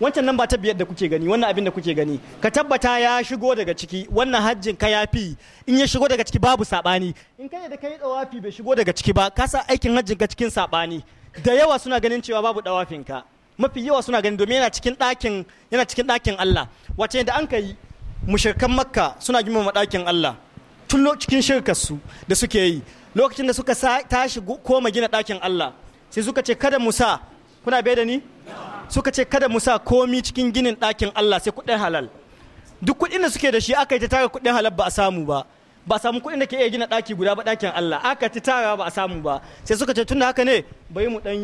wancan nan ba ta biyar da kuke gani wannan abin da kuke gani ka tabbata ya shigo daga ciki wannan hajjin ka ya fi in ya shigo daga ciki babu sabani in kai da kai dawafi bai shigo daga ciki ba ka sa aikin hajjin ka cikin sabani da yawa suna ganin cewa babu dawafin ka mafi yawa suna ganin domin yana cikin ɗakin yana cikin ɗakin Allah wace da an kai mushrikan makka suna girmama ɗakin Allah tun cikin shirkarsu da suke yi lokacin da suka tashi koma gina ɗakin Allah sai suka ce kada musa kuna bai da ni suka ce kada mu sa komi cikin ginin ɗakin Allah sai kuɗin halal duk kuɗin da suke da shi aka yi ta tara kuɗin halal ba a samu ba ba a samu kuɗin da ke iya gina ɗaki guda ba ɗakin Allah aka ta tara ba a samu ba sai suka ce da haka ne bai mu ɗan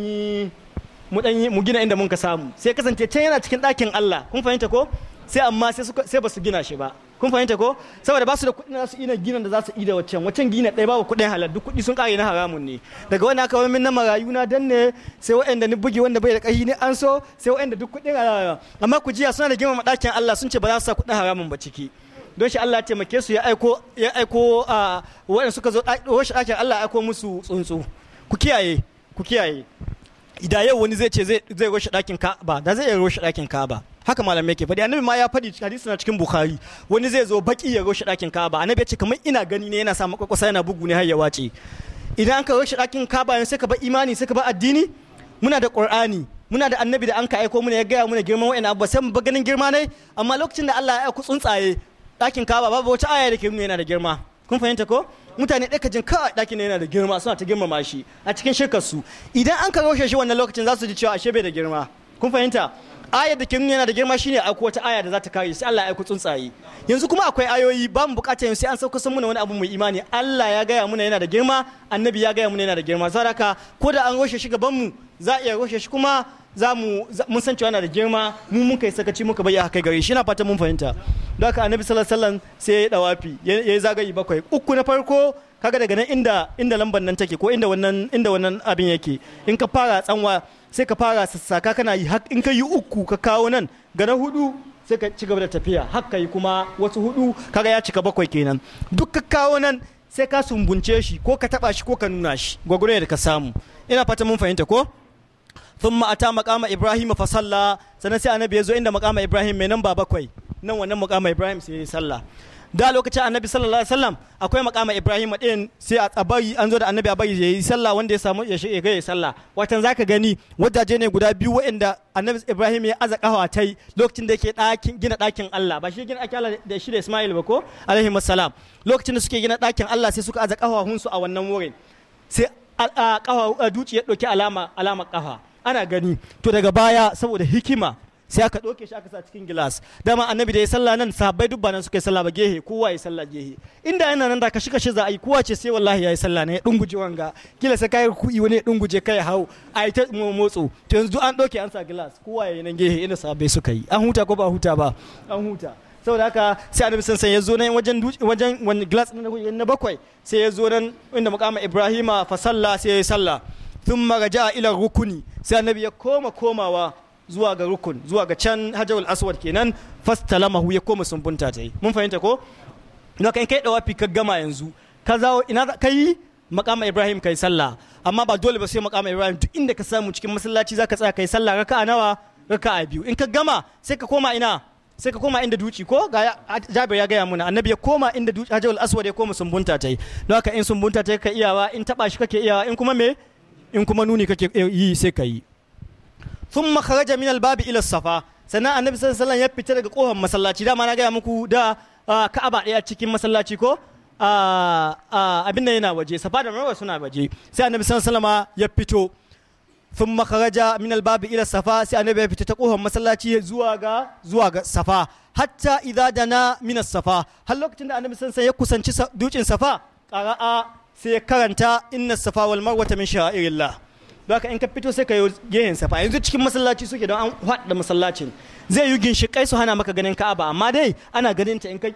mu ɗan mu gina inda mun ka samu sai kasance can yana cikin ɗakin Allah kun fahimta ko sai amma sai ba su gina shi ba kun fahimta ko saboda ba su da kuɗin su ina ginin da za su ida waccan waccan gina ɗaya babu kuɗin halal duk kuɗi sun ƙare na haramun ne daga wani aka wani na marayu na danne sai da ni bugi wanda bai da ƙahi ni an so sai da duk kuɗin halal ah, amma ku jiya suna da girmama ɗakin Allah sun ce ba za su sa kuɗin haramun ba ciki don shi Allah ya taimake su ya aiko ya aiko ah, waɗanda suka zo ɗakin Allah aiko musu tsuntsu ku kiyaye ku kiyaye idan yau wani zai ce zai roshe ɗakin Ka'aba da zai iya roshe ɗakin Ka'aba haka malamai ke faɗi annabi ma ya faɗi hadisi na cikin bukhari wani zai zo baki ya roshe ɗakin kaba annabi ya ce kamar ina gani ne yana sa makwakwasa yana bugu ne har ya wace idan ka roshe ɗakin kaba yanzu sai ka ba imani sai ka ba addini muna da qur'ani muna da annabi da an ka aiko muna ya gaya muna girman wa'in abu sai mu ba ganin girma ne amma lokacin da Allah ya aiko tsuntsaye ɗakin kaba babu wata aya da ke nuna yana da girma kun fahimta ko mutane ɗaya jin kawai ɗakin yana da girma suna ta girmama shi a cikin shirkar su idan an ka roshe shi wannan lokacin za su ji cewa ashe bai da girma kun fahimta ayar da ke nuna yana da girma shine akwai wata aya da za ta kawo sai Allah ya aiko tsuntsaye yanzu kuma akwai ayoyi ba mu bukata yanzu sai an sauka san muna wani abu mai imani Allah ya gaya muna yana da girma annabi ya gaya muna yana da girma zaraka ko da an roshe shi gaban mu za iya roshe shi kuma za mu mun san cewa yana da girma mu mun kai sakaci muka bayyana kai gare shi na fata mun fahimta don haka annabi sallallahu alaihi wasallam sai ya dawafi ya zagayi bakwai uku na farko kaga daga nan inda inda lamban nan take ko inda wannan inda wannan abin yake in ka fara tsanwa sai ka fara sassaka kana yi in ka yi uku ka kawo nan gana hudu sai ka ci gaba da tafiya haka yi kuma wasu hudu kaga ya cika bakwai kenan duk ka kawo nan sai ka sumbunce shi ko ka taba shi ko ka nuna shi gwagwaro da ka samu ina fata mun fahimta ko thumma ata maqama ibrahim fa salla sanan sai annabi ya zo inda maqama ibrahim mai nan ba bakwai nan wannan maqama ibrahim sai ya sallah da lokacin annabi sallallahu alaihi wasallam akwai makama ibrahim din sai a bari an zo da annabi a bari ya yi sallah wanda ya samu ya shiga ya sallah watan zaka gani wajaje ne guda biyu waɗanda annabi ibrahim ya aza kawa tai lokacin da yake ɗakin gina ɗakin Allah ba shi gina ɗakin Allah da shi da Ismail ba ko alaihi salam lokacin da suke gina ɗakin Allah sai suka aza kawahun hunsu a wannan wurin sai a kawa duci ya ɗauki alama alama kafa ana gani to daga baya saboda hikima sai aka ɗauke shi aka sa cikin gilas dama annabi da ya sallah nan sahabbai duk nan suka yi sallah ba gehe kowa ya sallah gehe inda yana nan da kashi kashi za a yi kowa ce sai wallahi ya yi sallah ne ya dunguje wanga kila sai kai kuɗi wani ya dunguje kai ya hau a yi ta motsu to yanzu an ɗauke an sa gilas kowa ya yi nan gehe inda sahabbai suka yi an huta ko ba huta ba an huta saboda haka sai annabi sun san ya zo nan wajen wajen wani na bakwai sai ya zo nan inda mukama ibrahima fa sallah sai ya yi sallah sun a ila rukuni sai annabi ya koma komawa zuwa ga rukun zuwa ga can hajarul aswad kenan fastalamahu ya koma sumbunta ta yi mun fahimta ko ina kai kai dawafi ka gama yanzu ka zawo ina ka yi makama ibrahim kai sallah amma ba dole ba sai makama ibrahim duk inda ka samu cikin masallaci zaka tsaya kai sallah raka'a nawa raka'a biyu in ka gama sai ka koma ina sai ka koma inda duci ko ga jabir ya gaya muna annabi ya koma inda duci hajjal aswad ya koma sumbunta ta yi don kai in sumbunta ta ka iyawa in taba shi kake iyawa in kuma me in kuma nuni kake yi sai ka yi sun makaraja min al-babi ila safa sannan annabi sallallahu alaihi ya fita daga kofar masallaci dama na gaya muku da ka'aba ɗaya cikin masallaci ko abin da yana waje safa da marwa suna waje sai annabi sallallahu alaihi ya fito sun makaraja min al-babi ila safa sai annabi ya fita ta kofar masallaci zuwa ga zuwa ga safa hatta idza dana min safa har lokacin da annabi sallallahu ya kusanci dutsen safa qara'a sai ya karanta inna safa wal marwa min sha'irillah don haka in ka fito sai ka yi gehen safa yanzu cikin masallaci suke don an faɗa masallacin zai yi ginshiƙai su hana maka ganin ka'aba amma dai ana ganin ta in ka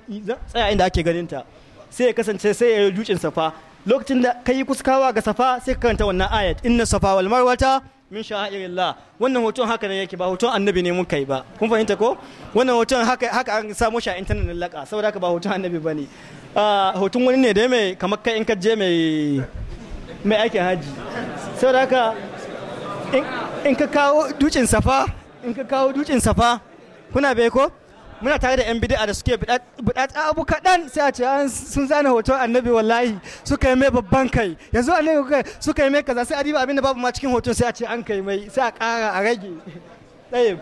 tsaya inda ake ganin ta sai ya kasance sai ya yi dukin safa lokacin da ka yi kuskawa ga safa sai ka karanta wannan ayat inna safa wal marwata min sha'irillah wannan hoton haka ne yake ba hoton annabi ne mun kai ba kun fahimta ko wannan hoton haka haka an samu shi a internet laka saboda ka ba hoton annabi bane ah, hoton wani ne da mai kamar kai in ka je mai mai aikin haji saboda haka in ka kawo dukin safa in ka kawo dukin safa kuna bai ko muna tare da yan bid'a da suke buɗaɗa abu kaɗan sai a ce sun zana hoto annabi wallahi suka yi mai babban kai yanzu annabi kai suka yi mai kaza sai a diba abinda babu ma cikin hoton sai a ce an kai mai sai a ƙara a rage ɗaya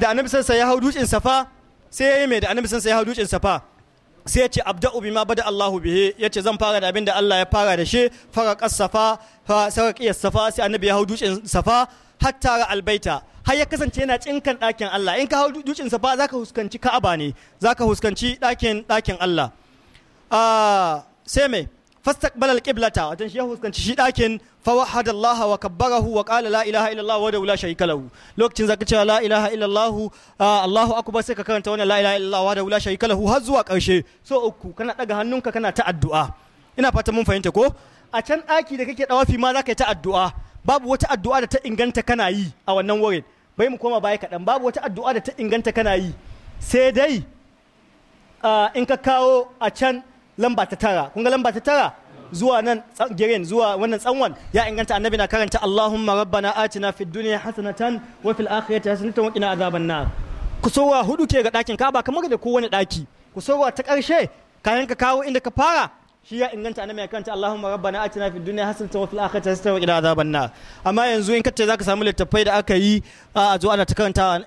da annabi sansa ya hau dutsen safa sai ya yi mai da annabi sansa ya hau dutsen safa sai ya ce abda'u bima bada Allahu bihi ya ce zan fara da abin da Allah ya fara da shi faraqas safa faraqiyas safa sai annabi ya hau dutsen safa hatta ra albaita har ya kasance yana cinkan ɗakin Allah in ka hau dutsen safa zaka huskanci Ka'aba ne zaka huskanci Allah ah, sai me fastaqbala alqiblata shi ya huskanci shi فوحد الله وكبره وقال لا اله الا الله وحده لا شريك له لوكتين zaka cewa la ilaha illa allah allahu akbar sai ka karanta wannan la ilaha illa allah wahdahu la sharika har zuwa karshe so uku kana daga hannunka kana ta addu'a ina fata mun fahimta ko a can daki da kake dawafi ma zaka yi ta addu'a babu wata addu'a da ta inganta kana yi a wannan wurin bai mu koma baya kaɗan babu wata addu'a da ta inganta kana yi sai dai in ka kawo a can lamba ta tara kun ga lamba ta tara zuwa nan girin zuwa wannan tsanwan ya inganta annabi na karanta Allahumma rabbana atina fid dunya hasanatan wa fil akhirati hasanatan wa qina azaban nar kusowa hudu ke ga dakin ba kamar da kowane daki kusowa ta karshe kayan ka kawo inda ka fara shi ya inganta annabi ya kanta Allahumma rabbana atina fid dunya hasanatan wa fil akhirati hasanatan wa qina adhaban nar amma yanzu in kace zaka samu littafai da aka yi a zo ana ta karantawa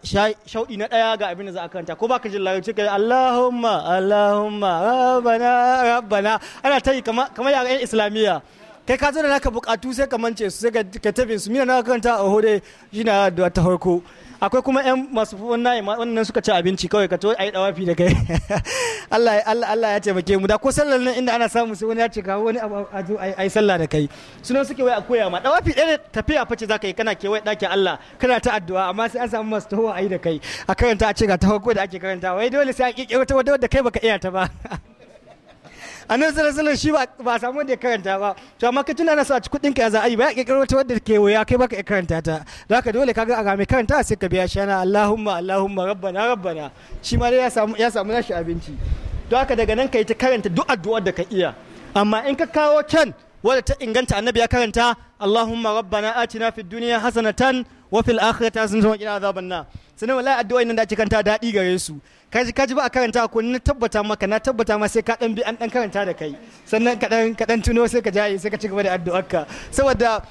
shaudi na daya ga abin da za a karanta ko baka jin larabci kai Allahumma Allahumma rabbana rabbana ana ta yi kamar kamar yaran islamiyya kai ka zo da naka bukatu sai ka mance su sai ka tabe su mina na karanta a hode shi na da ta farko akwai kuma yan masu wannan wannan suka ci abinci kawai ka to ai dawafi da kai Allah Allah Allah ya taimake mu da ko sallar nan inda ana samu sai wani ya ce kawo wani abu a zo ai sallah da kai sunan suke wai a koya ma dawafi ɗaya tafiya face zaka yi kana kewaye ɗakin Allah kana ta addu'a amma sai an samu masu tawo ai da kai a karanta a ce ga tawo ko da ake karanta wai dole sai a kike wata wadda kai baka iya ta ba annabi sallallahu alaihi shi ba samu wanda ya karanta ba to amma ka tuna na sa a ci kudin ka ya za a yi ba ya kirkiro wata wadda ke waya kai baka karanta ta zaka dole kaga a game karanta sai ka biya shana Allahumma Allahumma rabbana rabbana shi ma dai ya samu ya samu nashi abinci to haka daga nan kai ta karanta duk addu'ar da ka iya amma in ka kawo can wadda ta inganta annabi ya karanta Allahumma rabbana atina fid dunya hasanatan wa fil ta sun zama qina azaban na sanin wallahi addu'o'in nan da ake kanta daɗi gare su kaji kaji ba a karanta ko na tabbata maka na tabbata ma sai ka dan bi an dan karanta da kai sannan ka dan ka dan tuno sai ka jaye sai ka ci gaba da addu'arka saboda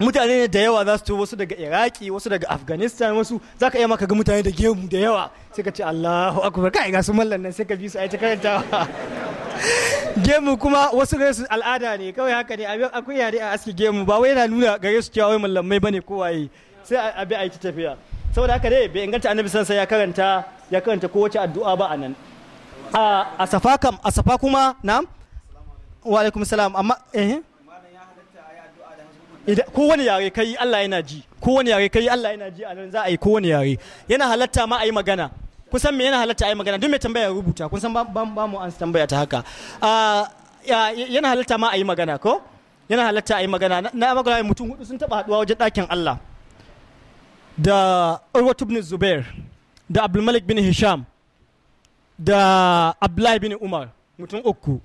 mutane ne da yawa za su to wasu daga iraki wasu daga afghanistan wasu za ka iya maka ga mutane da gemu da yawa sai ka ce allahu akbar kai ga su mallan nan sai ka bi su ai ta karantawa gemu kuma wasu gare su al'ada ne kawai haka ne akwai yare a aski gemu ba wai yana nuna gare su cewa wai mallamai bane kowaye sai a bi a yi tafiya saboda haka dai bai inganta annabi sansa ya karanta ya karanta kowace addu'a ba anan a safa kam a safa kuma na'am wa alaikum salam amma eh kowane yare kai Allah yana ji kowane yare kai Allah yana ji anan za a yi kowane yare yana halatta ma a yi magana kusan me yana halatta a yi magana duk mai tambaya rubuta kun san ba mu an tambaya ta haka yana halatta ma a yi magana ko yana halatta a yi magana na magana mutum hudu sun taba haduwa wajen dakin Allah da urwatu bin zubair da abdulmalik bin hisham da abdullahi bin umar mutum uku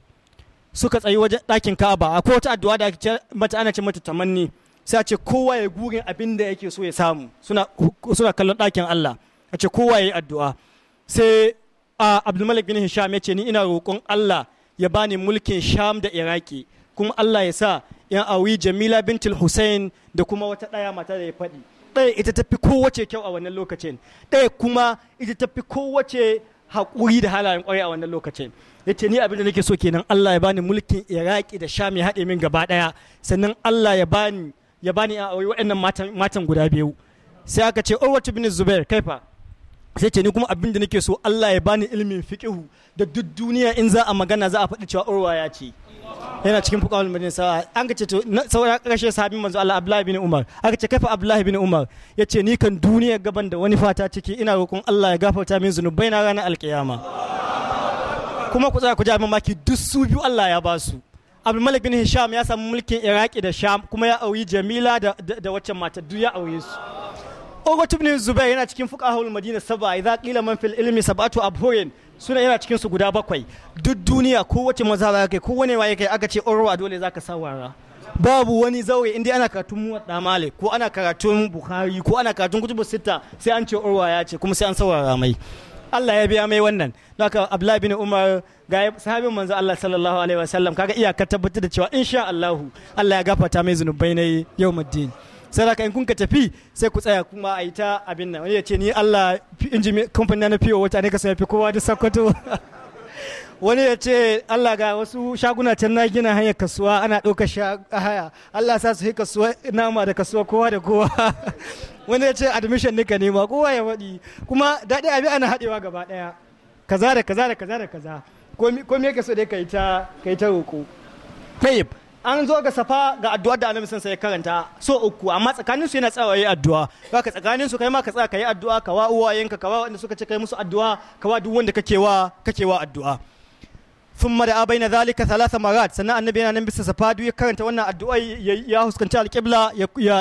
suka tsayi wajen ɗakin ka'aba akwai wata addu'a da ake mata ana ce mata tamanni sai a ce kowa ya gurin abin da yake so ya samu suna kallon ɗakin Allah a ce kowa ya yi addu'a sai abdulmalik bin hisham ya ce ni ina roƙon Allah ya bani mulkin sham da iraki kuma Allah ya sa yan awi jamila bintul hussein da kuma wata ɗaya mata da ya faɗi ɗaya ita tafi kowace kyau a wannan lokacin ɗaya kuma ita tafi kowace haƙuri da halayen ƙwarai a wannan lokacin ya ce ni abin da nake so kenan Allah ya bani mulkin Iraki da sha ya haɗe min gaba ɗaya sannan Allah ya bani ya bani a aure waɗannan matan guda biyu sai aka ce Urwatu bin Zubair kaifa sai ce ni kuma abin da nake so Allah ya bani ilimin fiƙihu da duk duniya in za a magana za a faɗi cewa Urwa ya ce yana cikin fukawar madina sa an ka ce to saura kashe sabin manzo Allah Abdullahi bin Umar aka ce kafa Abdullahi bin Umar yace ni kan duniya gaban da wani fata ciki ina roƙon Allah ya gafarta min zunubai na ranar alkiyama kuma ku tsaya ku ji mamaki duk su biyu Allah ya ba su Abdul Malik bin Hisham ya samu mulkin Iraki da Sham kuma ya auri Jamila da da waccan mata duk ya aure su Ogo bin Zubair yana cikin fuqahul madina saba idza qila man fil ilmi sab'atu abhurin suna yana cikin su guda bakwai duk duniya ko wace maza za kai ko wani waye kai aka ce urwa dole zaka sawara babu wani zaure inda ana karatun muwadda male ko ana karatun bukhari ko ana karatun kutubu sita sai an ce urwa ya ce kuma sai an sawara mai Allah ya biya mai wannan haka Abdullahi bin Umar ga sahabin manzo Allah sallallahu alaihi wasallam kaga iyakar tabbatar da cewa insha Allah Allah ya gafarta mai zunubai na yau muddin saraka in kun ka tafi sai ku tsaya kuma a yi ta abin nan wani ya ce ni Allah injin kamfanin na fiyo wata ne ka sami fi kowa da sakwato wani ya ce Allah ga wasu shaguna can na gina hanyar kasuwa ana ɗaukar haya Allah sa su yi kasuwa nama da kasuwa kowa da kowa wani ya ce admission nika nema kowa ya waɗi kuma daɗi abi ana haɗewa gaba ɗaya kaza da kaza da kaza da kaza ko me ka so dai ka yi ta roƙo. an zo ga safa ga addu'a da annabi sai karanta so uku amma tsakanin su yana tsawaye addu'a haka tsakanin su kai ma ka tsaya kai addu'a ka wa uwayenka ka wa wanda suka ce kai musu addu'a ka wa duk wanda kake wa kake wa addu'a thumma da abaina zalika thalatha marat sannan annabi yana nan bisa safa duk ya karanta wannan addu'a ya huskanci alqibla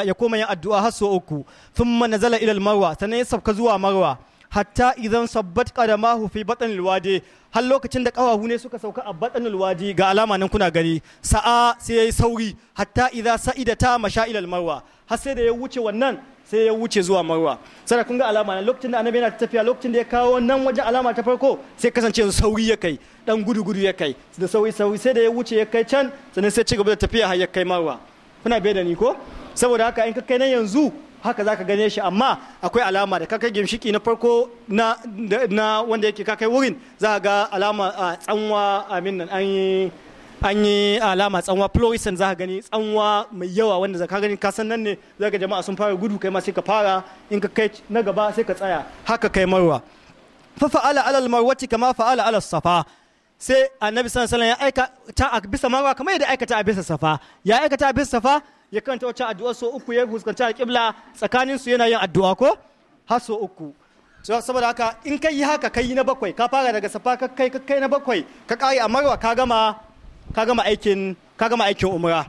ya koma yin addu'a har so uku thumma nazala ila almarwa sannan ya sabka zuwa marwa hatta idan sabbat qadamahu fi batn alwadi har lokacin da kawahu ne suka sauka a batn alwadi ga alama nan kuna gani sa'a sai yayi sauri hatta idza sa'idata mashail marwa har sai da ya wuce wannan sai ya wuce zuwa marwa sai kun ga alama nan lokacin da annabi yana tafiya lokacin da ya kawo nan wajen alama ta farko sai kasance sauri ya kai dan gudu gudu ya kai da sauri sauri sai da ya wuce ya kai can sannan sai ci gaba da tafiya har ya kai marwa kuna bai da ni ko saboda haka in ka kai nan yanzu haka ka gane shi amma akwai alama da kakai gimshiki na farko na, na wanda yake kakai wurin za ga alama a tsanwa amin nan an yi an yi alama tsanwa fluorescent za ka gani tsanwa mai yawa wanda za ka gani ka san nan ne za ka jama'a sun fara gudu kai ma sai ka fara in ka kai na gaba sai ka tsaya haka kai marwa fa fa'ala alal marwati kama fa'ala alal safa sai annabi sallallahu alaihi wasallam ya aika ta a bisa marwa kamar yadda aikata a bisa safa ya aikata a bisa safa ya kanta wacce addu'a so uku ya fuskanci alƙibla tsakanin su yana yin addu'a ko har so uku saboda haka in kai yi haka kai na bakwai ka fara daga safa ka kai kai na bakwai ka kare a marwa ka gama ka gama aikin ka gama aikin umra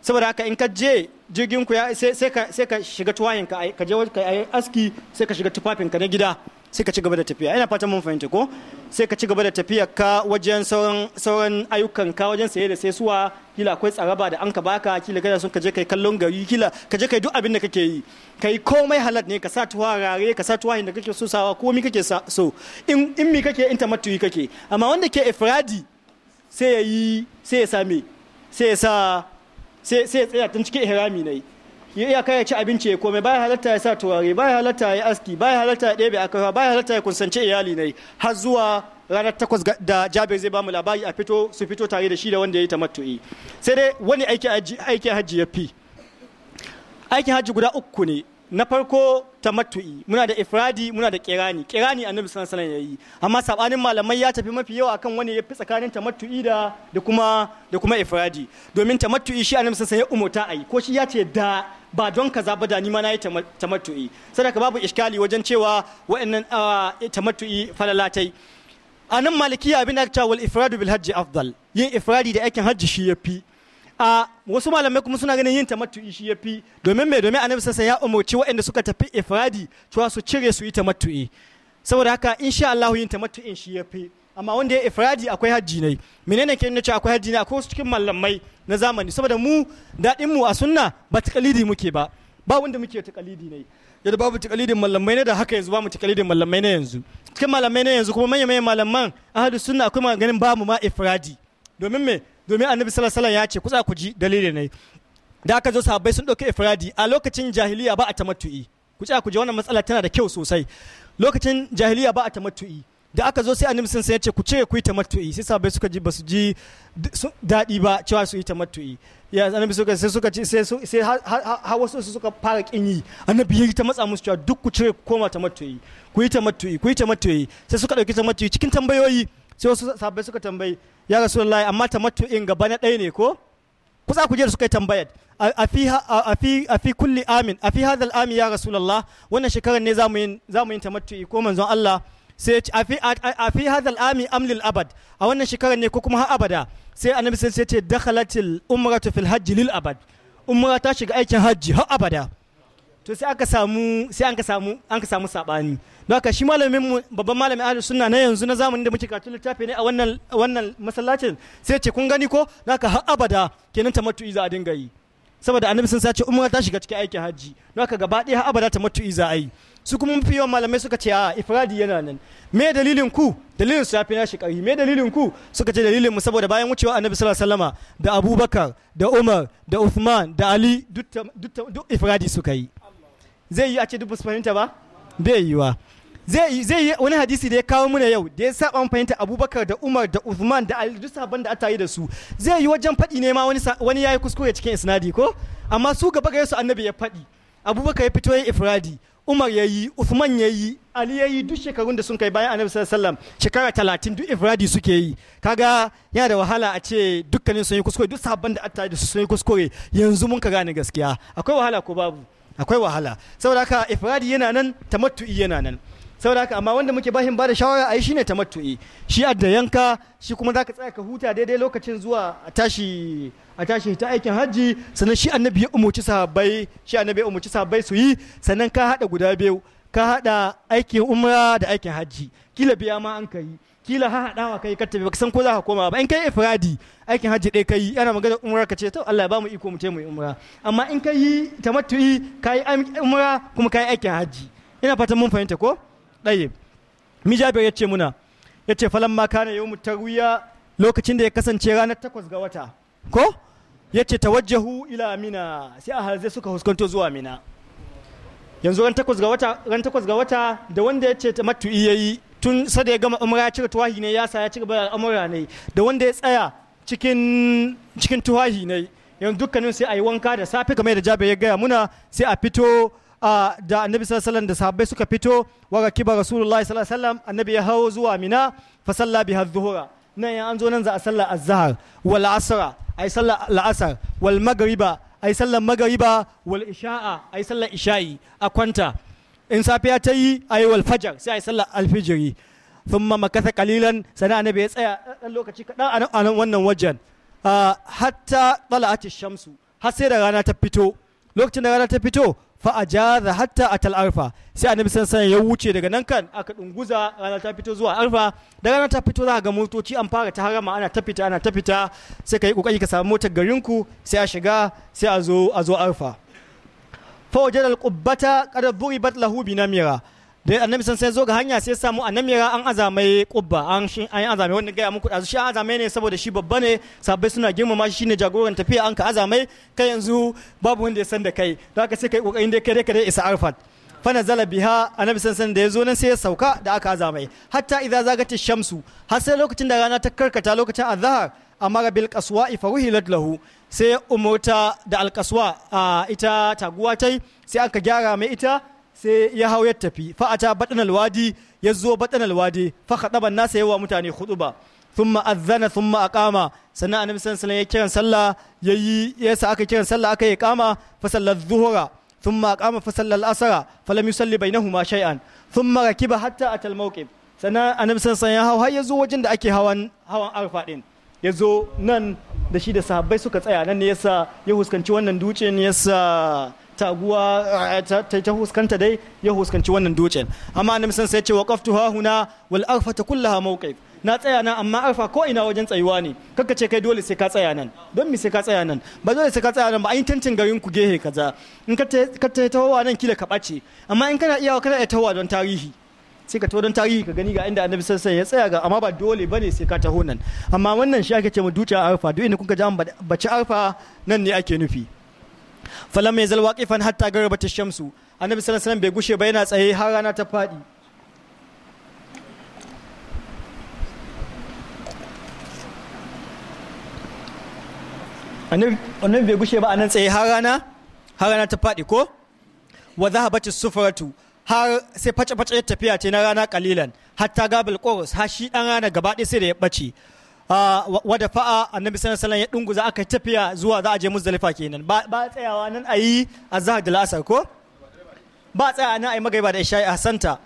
saboda haka in ka je jirgin ku ya sai ka shiga tuwayin ka ka je ka aski sai ka shiga tufafin ka na gida sai ka ci gaba da tafiya ina fatan mun fahimta ko sai ka ci gaba da tafiya ka wajen sauran sauran ayyukan ka wajen saye da sai suwa kila akwai tsaraba da an ka baka kila kana sun ka je kai kallon gari kila ka je kai duk abin da kake yi kai komai halat ne ka sa rare ka sa tuwa da kake so sawa komai kake so in in mi kake in tamattuyi kake amma wanda ke ifradi sai ya yi sai ya same sai ya sa sai ya tsaya tun cikin ihrami ne ya iya kai ya ci abinci ya komai baya halatta ya sa turare baya halatta ya aski baya halatta ya ɗebe akarwa baya halatta ya kunsance iyali ne har zuwa ranar takwas da jabir zai bamu labari a fito su fito tare da shi da wanda ya yi tamattu'i sai dai wani aiki hajji ya fi aikin hajji guda uku ne na farko tamattu'i muna da ifradi muna da kirani kirani annabi sallallahu alaihi ya yayi amma sabanin malamai ya tafi mafi yawa akan wani ya fi tsakanin tamattu'i da da kuma da kuma ifradi domin tamattu'i shi annabi sallallahu alaihi ya umuta ayi ko shi ya ce da ba don kaza ba da ni ma nayi tamattu'i sadaka babu iskali wajen cewa wa'annan ah, tamattu'i falalatai a nan malikiya bin akta wal ifradu bil hajji afdal yin ifradi da aikin hajji shi yafi a wasu malamai kuma suna ganin yin tamattu'i shi yafi domin mai domin annabi sassa ya umarci waɗanda suka tafi ifradi cewa su cire su yi tamattu'i saboda haka insha Allah yin tamattu'in shi yafi amma wanda ya ifradi akwai hajji ne menene ke nuna cewa akwai hajji ne akwai cikin mallamai na zamani saboda mu daɗin mu a sunna ba kalidi muke ba ba wanda muke kalidi ne yadda babu kalidin mallamai ne da haka yanzu ba mu kalidin mallamai ne yanzu cikin mallamai ne yanzu kuma manyan manyan malaman ahadu sunna akwai maganin ba mu ma ifradi domin me domin annabi sallallahu alaihi wasallam ya ce kusa ku ji dalili ne da aka zo sahabbai sun ɗauki ifradi a lokacin jahiliya ba a tamattu'i ku ci ku ji wannan matsala tana da kyau sosai lokacin jahiliya ba a tamattu'i da aka zo sai nimsin sai ya ce ku ce ku yi ta matu'i sai sabai suka ji su ji daɗi ba cewa su yi matu'i ya annabi suka sai suka ci sai sai har wasu suka fara kin yi annabi ya ta matsa musu cewa duk ku cire ku koma matu'i ku yi ta matu'i ku yi ta matu'i sai suka dauki matu'i cikin tambayoyi sai wasu sabai suka tambayi ya rasulullahi amma ta tamattu'in gaba na ɗaya ne ko za ku je da suka yi tambayar a fi kulli amin a fi hadal amin ya rasulullahi wannan shekarar ne za mu yi ta matu'i ko manzon Allah sai ya ce a fi hadal ami amlil abad a wannan shekarar ne ko kuma har abada sai annabi sai ya ce dakhalatil umratu fil hajji lil abad umra ta shiga aikin hajji har abada to sai aka samu sai an ka samu an ka samu sabani don haka shi malamin mu babban malamin ahlus sunna na yanzu na zamanin da muke karatu littafi ne a wannan wannan masallacin sai ce kun gani ko don haka har abada kenan tamattu'i iza a dinga yi saboda annabi sun sace umra ta shiga cikin aikin hajji don haka gaba ɗaya har abada ta za a yi su kuma mafi yawan malamai suka ce a ifradi yana nan me dalilin ku dalilin su yafi nashi ƙarfi me dalilin ku suka ce dalilin mu saboda bayan wucewa annabi sallallahu alaihi wasallama da abubakar da umar da uthman da ali duk ifradi suka yi zai yi a ce duk su fahimta ba bai yiwa zai zai yi wani hadisi da ya kawo muna yau da ya saba mu fahimta abubakar da umar da uthman da ali duk sabon da aka yi da su zai yi wajen faɗi ne ma wani wani yayi kuskure cikin isnadi ko amma su gaba gare su annabi ya faɗi abubakar ya fito ya ifradi umar ya yi usman ya yi ali ya yi duk shekarun da sun kai bayan annabi sallallahu alaihi wasallam shekara talatin duk ifradi suke yi kaga yana da wahala a ce dukkanin sun yi kuskure duk sabon da attaji sun yi kuskure yanzu mun ka gane gaskiya akwai wahala ko babu akwai wahala saboda haka ifradi yana nan tamattu'i yana nan saboda haka amma wanda muke bahin bada shawara yi shine tamattu'i shi adda yanka shi kuma zaka tsaya ka huta daidai lokacin zuwa a tashi a tashi ta aikin hajji sannan shi annabi ya umarci sahabbai shi annabi ya umarci sahabbai su yi sannan ka hada guda biyu ka hada aikin umra da aikin hajji kila biya ma an kai kila ha hadawa kai ka tafi baka san ko za ka koma ba in kai ifradi aikin hajji dai kai ana magana umra ka ce to Allah ya mu iko mu ce mu umra amma in kai tamattu'i kai umra kuma kai aikin hajji ina fatan mun fahimta ko Ɗaya mijabiyar ya ce muna ya ce falon maka kana yau tarwiya lokacin da ya kasance ranar takwas ga wata ko ya ce ta wajahu ila mina sai a halzai suka huskanto zuwa mina yanzu ran takwas ga wata ran takwas ga wata da wanda ya ce matu-i iya yi tun sada ya gama umra ya cika tuwahi ne ya sa ya cika bayar amura ne da wanda ya tsaya cikin cikin tuwahi ne yanzu dukkanin sai a yi wanka da safe kamar da jabe ya gaya muna sai a fito Ah, da annabi sallallahu da sahabbai suka fito wa rakiba rasulullahi sallallahu alaihi annabi ya hawo zuwa mina fa salla biha dhuhra nan ya an zo nan za a sallar azhar wal asra ai sallar la'asar wal magriba ai sallar magriba wal isha'a ai sallar isha'i a kwanta in safiya ta yi ai wal fajar sai ai sallar alfijiri thumma makatha qalilan sana annabi ya tsaya dan lokaci kadan a nan wannan wajen ah, hatta tala'at shamsu har sai da rana ta fito lokacin da rana ta fito fa a da hatta a tal arfa sai annabi sallallahu ya wuce daga nan kan aka dunguza rana ta fito zuwa arfa da rana ta fito za ga motoci an fara ta harama ana ta fita ana ta fita sai kai kokari ka samu motar garin ku sai a shiga sai a zo a zo arfa fa wajadal qubbata qad duribat lahu binamira da annabi san sai zo ga hanya sai samu annabi ya an azamai kubba an shi an azamai wanda ga muku azu shi an azamai ne saboda shi babba ne sabai suna girmama shi shine jagoran tafiya an ka azamai kai yanzu babu wanda ya san da kai don haka sai kai kokarin dai kai dai kai isa arfat fana zala biha annabi san da ya zo nan sai ya sauka da aka azamai hatta idza zagati shamsu har sai lokacin da rana ta karkata lokacin azhar amara bil qaswa faruhilat lahu sai umurta da alkaswa a ita taguwa tai sai aka gyara mai ita sai ya hau ya tafi fa ata badan alwadi ya zo badan alwadi fa na nasa yawa mutane ba sun ma'azana sun aqama sannan annabi sallallahu alaihi wasallam ya kiran sallah yayi yasa aka kiran sallah aka yi kama fa sallat dhuhra thumma aqama fa sallal asra fa lam yusalli bainahuma shay'an thumma rakiba hatta atal mawqif sannan annabi sallallahu alaihi wasallam ya hau har ya zo wajen da ake hawan hawan arfa din ya zo nan da shi da sahabbai suka tsaya nan ne yasa ya huskanci wannan dutsen yasa taguwa eh, ta huskanta dai ya huskanci wannan dutsen amma annabi san sai ya ce waqaftu ha huna wal arfa ta kullaha mawqif na tsaya nan amma arfa ko ina wajen tsayuwa ne kaka ce kai dole sai ka tsaya nan don me sai ka tsaya nan ba dole sai ka tsaya nan ba an tantin garin ku gehe kaza in ka ta tawowa nan kila ka ɓace amma in kana iyawa kana iya tawowa don tarihi sai ka taho don tarihi ka gani ga inda annabi sai ya tsaya ga amma ba dole bane sai ka taho nan amma wannan shi ake ce mu duce arfa duk inda kuka ji an bace arfa nan ne ake nufi falam mai zalwa kifan hatta garba ta shamsu annabi sallallahu alaihi wasallam bai gushe ba yana tsaye har rana ta fadi annabi bai gushe ba anan tsaye har rana har rana ta fadi ko wa zahabatu sufratu har sai face-face tafiya ce na rana kalilan hatta gabal qurs har shi dan rana gaba ɗaya sai da ya bace Ah, wada fa'a annabi sallallahu alaihi ya dunguza aka tafiya zuwa za a je muzdalifa kenan ba tsayawa nan a yi azhar da la'asar ko ba tsaya nan a yi magaiba da isha'i hasanta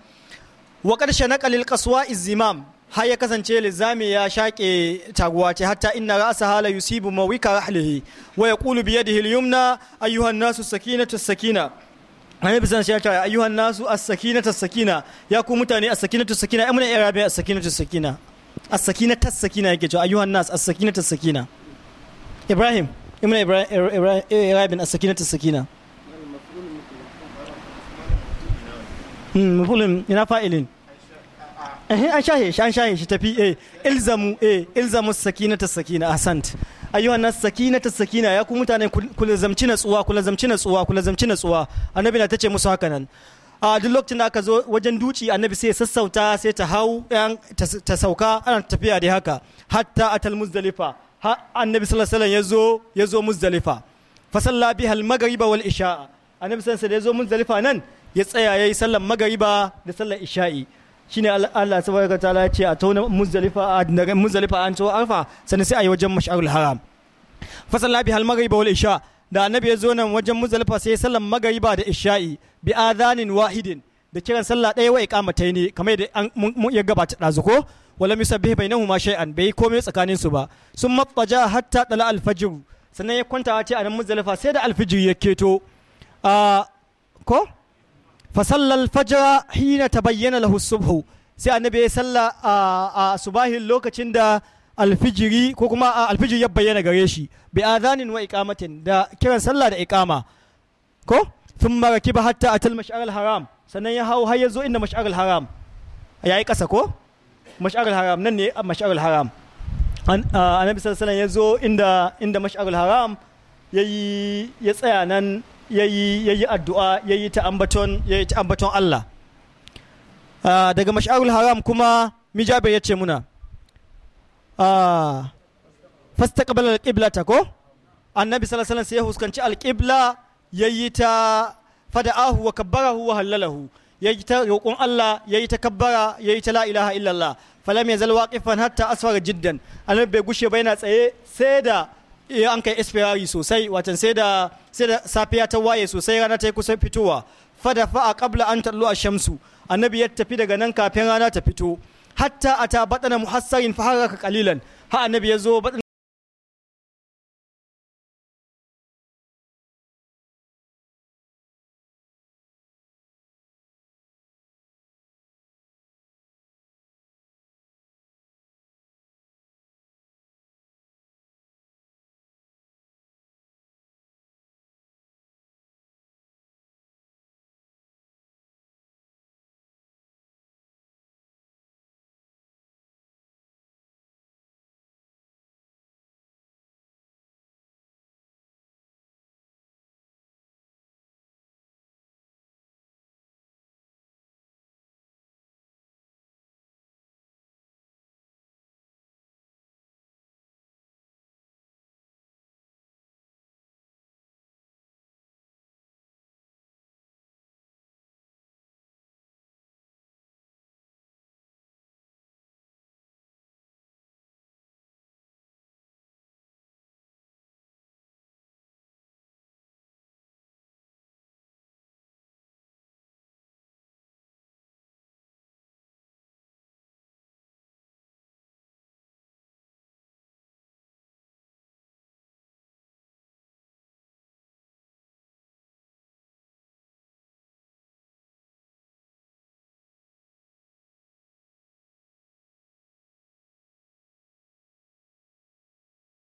wa karshe na qalil qaswa izimam har ya kasance lizami ya shaƙe taguwa ce hatta inna ra'sa hala yusibu mawika rahlihi wa yaqulu bi yadihi al-yumna ayyuhan nasu sakinatu sakina shi ayyuhan nasu as-sakinatu sakina ya ku mutane as-sakinatu sakina ai mun as-sakinatu sakina as-sakina tas-sakina yake cewa ayyuhan nas as-sakina tas-sakina ibrahim ibn ibrahim ibrahim as-sakina tas-sakina hmm, mafulin ina fa'ilin an shahe shi an shahe shi tafi eh ilzamu eh ilzamu as sakina ahsant ayyuhan nas as sakina ya ku mutane ku lazamci natsuwa ku lazamci natsuwa ku lazamci natsuwa annabi na tace musu haka nan a duk lokacin da aka zo wajen duci annabi sai sassauta sai ta hau ta sauka ana tafiya dai haka hatta atal muzdalifa har annabi sallallahu alaihi wasallam ya zo muzdalifa fa salla biha al maghriba wal isha. annabi sallallahu alaihi ya zo muzdalifa nan ya tsaya yayi sallan maghriba da sallar isha'i shine Allah subhanahu wataala ya ce a tauna muzdalifa a daga muzdalifa an tawo arfa sannan sai a yi wajen mash'arul haram fa salla biha al maghriba wal isha'a da annabi ya zo nan wajen muzalfa sai sallan magariba da isha'i bi adhanin wahidin da kiran sallah ɗaya wa iqamatai ne kamar da mun iya gabata ɗazu ko wala yusabbih bainahuma shay'an bai komai tsakanin su ba sun mafaja hatta dala alfajr sannan ya kwanta ce a nan muzalfa sai da alfajr ya keto a ko fasallal alfajr hina tabayyana lahu subhu sai annabi ya salla a subahin lokacin da alfijiri ko kuma alfijiri ya bayyana gare shi bi adhanin wa iqamatin da kiran sallah da iqama ko thumma rakiba hatta atal mash'ar haram sannan ya hau har ya zo inda mash'ar haram yayi kasa ko mash'ar haram nan ne mash'ar haram annabi sallallahu alaihi ya zo inda inda mash'ar haram yayi ya tsaya nan yayi yayi addu'a yayi ta ambaton yayi ta ambaton Allah daga mash'arul haram kuma mijabe ya ce muna Ah. fastaqbala alqiblata ko annabi sallallahu alaihi sai ya huskanci alqibla yayi ta fada'ahu wa kabbarahu wa halalahu yayi ta roƙon Allah yayi ta kabbara yayi ta la ilaha illallah falam yazal waqifan hatta asfara jiddan annabi bai gushe ba yana tsaye sai da an kai isfirari sosai watan sai da sai da safiya ta waye sosai rana ta yi kusan fitowa fada fa'a qabla an tallu ash-shamsu annabi ya tafi daga nan kafin rana ta fito hatta a ta ata batana muhassarin fa haraka qalilan ha annabi yazo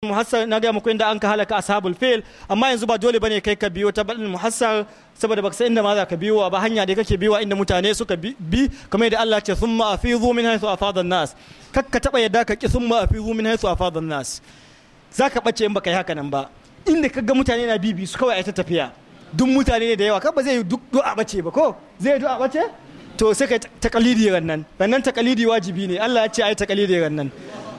muhassar na gaya muku inda an ka halaka ashabul fil amma yanzu ba dole bane kai ka biyo ta badin muhassar saboda baka san inda ma za ka biyo ba hanya da kake biyo inda mutane suka bi kamar yadda Allah ce thumma afizu min haythu afadha nas kakka taba yadda ka ki thumma afizu min haythu afadha nas zaka bace in baka yi haka nan ba inda kaga mutane na bibi su kawai ta tafiya duk mutane ne da yawa kan ba zai yi duk du'a bace ba ko zai du'a bace to sai kai takalidi ran nan ran nan takalidi wajibi ne Allah ya ce ai takalidi ran nan